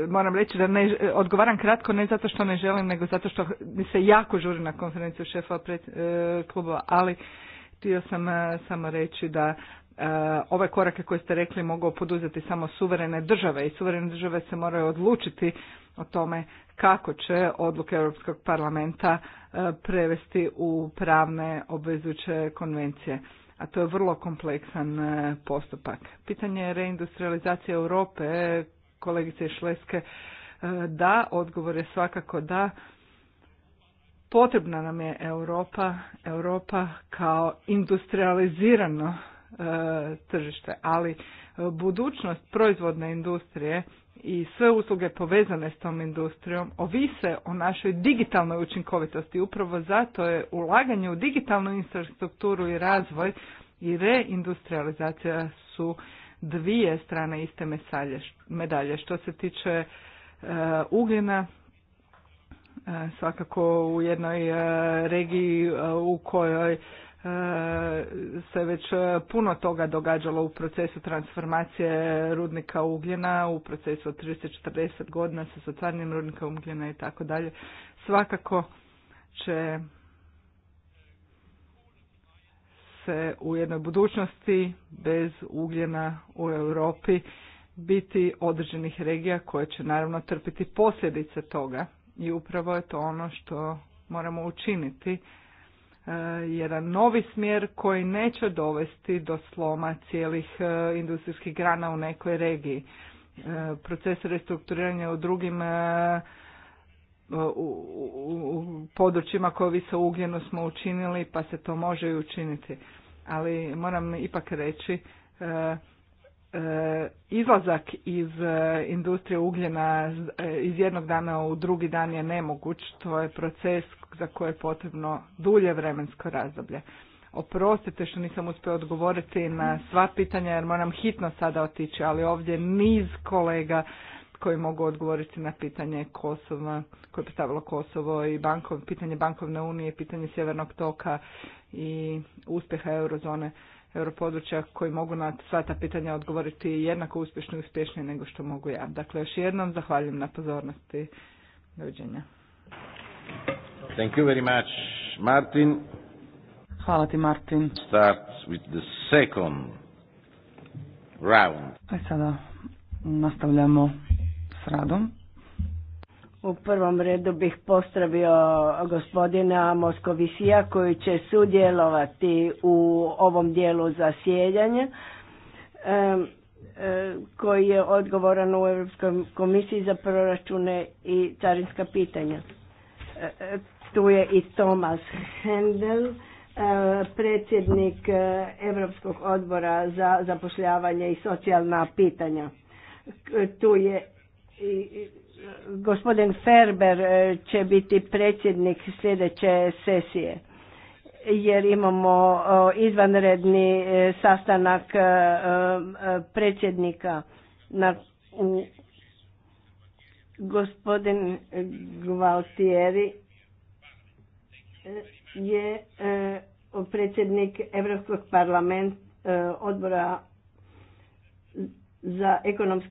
moram reći da ne, odgovaram kratko ne zato što ne želim, nego zato što mi se jako žuri na konferenciju šefa pred, klubova, ali Htio sam e, samo reći da e, ove korake koje ste rekli mogu poduzeti samo suverene države i suverene države se moraju odlučiti o tome kako će odluke Europskog parlamenta e, prevesti u pravne obvezujuće konvencije. A to je vrlo kompleksan postupak. Pitanje reindustrializacije Europe, kolegice Šleske, da, odgovor je svakako da. Potrebna nam je Europa, Europa kao industrializirano e, tržište, ali e, budućnost proizvodne industrije i sve usluge povezane s tom industrijom ovise o našoj digitalnoj učinkovitosti. Upravo zato je ulaganje u digitalnu infrastrukturu i razvoj i reindustrializacija su dvije strane iste medalje. Što se tiče e, ugljena, E, svakako u jednoj e, regiji e, u kojoj se već puno toga događalo u procesu transformacije rudnika ugljena, u procesu od 30-40 godina sa socijalnim rudnika ugljena i tako dalje. Svakako će se u jednoj budućnosti bez ugljena u Europi biti određenih regija koje će naravno trpiti posljedice toga i upravo je to ono što moramo učiniti. E, jedan novi smjer koji neće dovesti do sloma cijelih e, industrijskih grana u nekoj regiji. E, proces restrukturiranja u drugim područjima koje vi sa ugljenu smo učinili, pa se to može i učiniti. Ali moram ipak reći E, izlazak iz e, industrije ugljena e, iz jednog dana u drugi dan je nemoguć. To je proces za koje je potrebno dulje vremensko razdoblje. Oprostite što nisam uspio odgovoriti na sva pitanja jer moram hitno sada otići, ali ovdje niz kolega koji mogu odgovoriti na pitanje Kosova, koje je postavilo Kosovo i bankov, pitanje bankovne unije, pitanje sjevernog toka i uspjeha eurozone europodručja koji mogu na sva ta pitanja odgovoriti jednako uspješno i uspješnije nego što mogu ja. Dakle, još jednom zahvaljujem na pozornosti. Doviđenja. Thank you very much, Martin. Hvala ti, Martin. Start with the second round. E, sada nastavljamo s radom. U prvom redu bih postravio gospodina Moskovisija koji će sudjelovati u ovom dijelu za koji je odgovoran u Europskoj komisiji za proračune i carinska pitanja. Tu je i Tomas Hendel, predsjednik Europskog odbora za zapošljavanje i socijalna pitanja. Tu je i Gospodin Ferber e, će biti predsjednik sljedeće sesije jer imamo e, izvanredni e, sastanak predsjednika na, gospodin Gvaltieri je predsjednik Europskog parlamenta odbora za ekonomsku...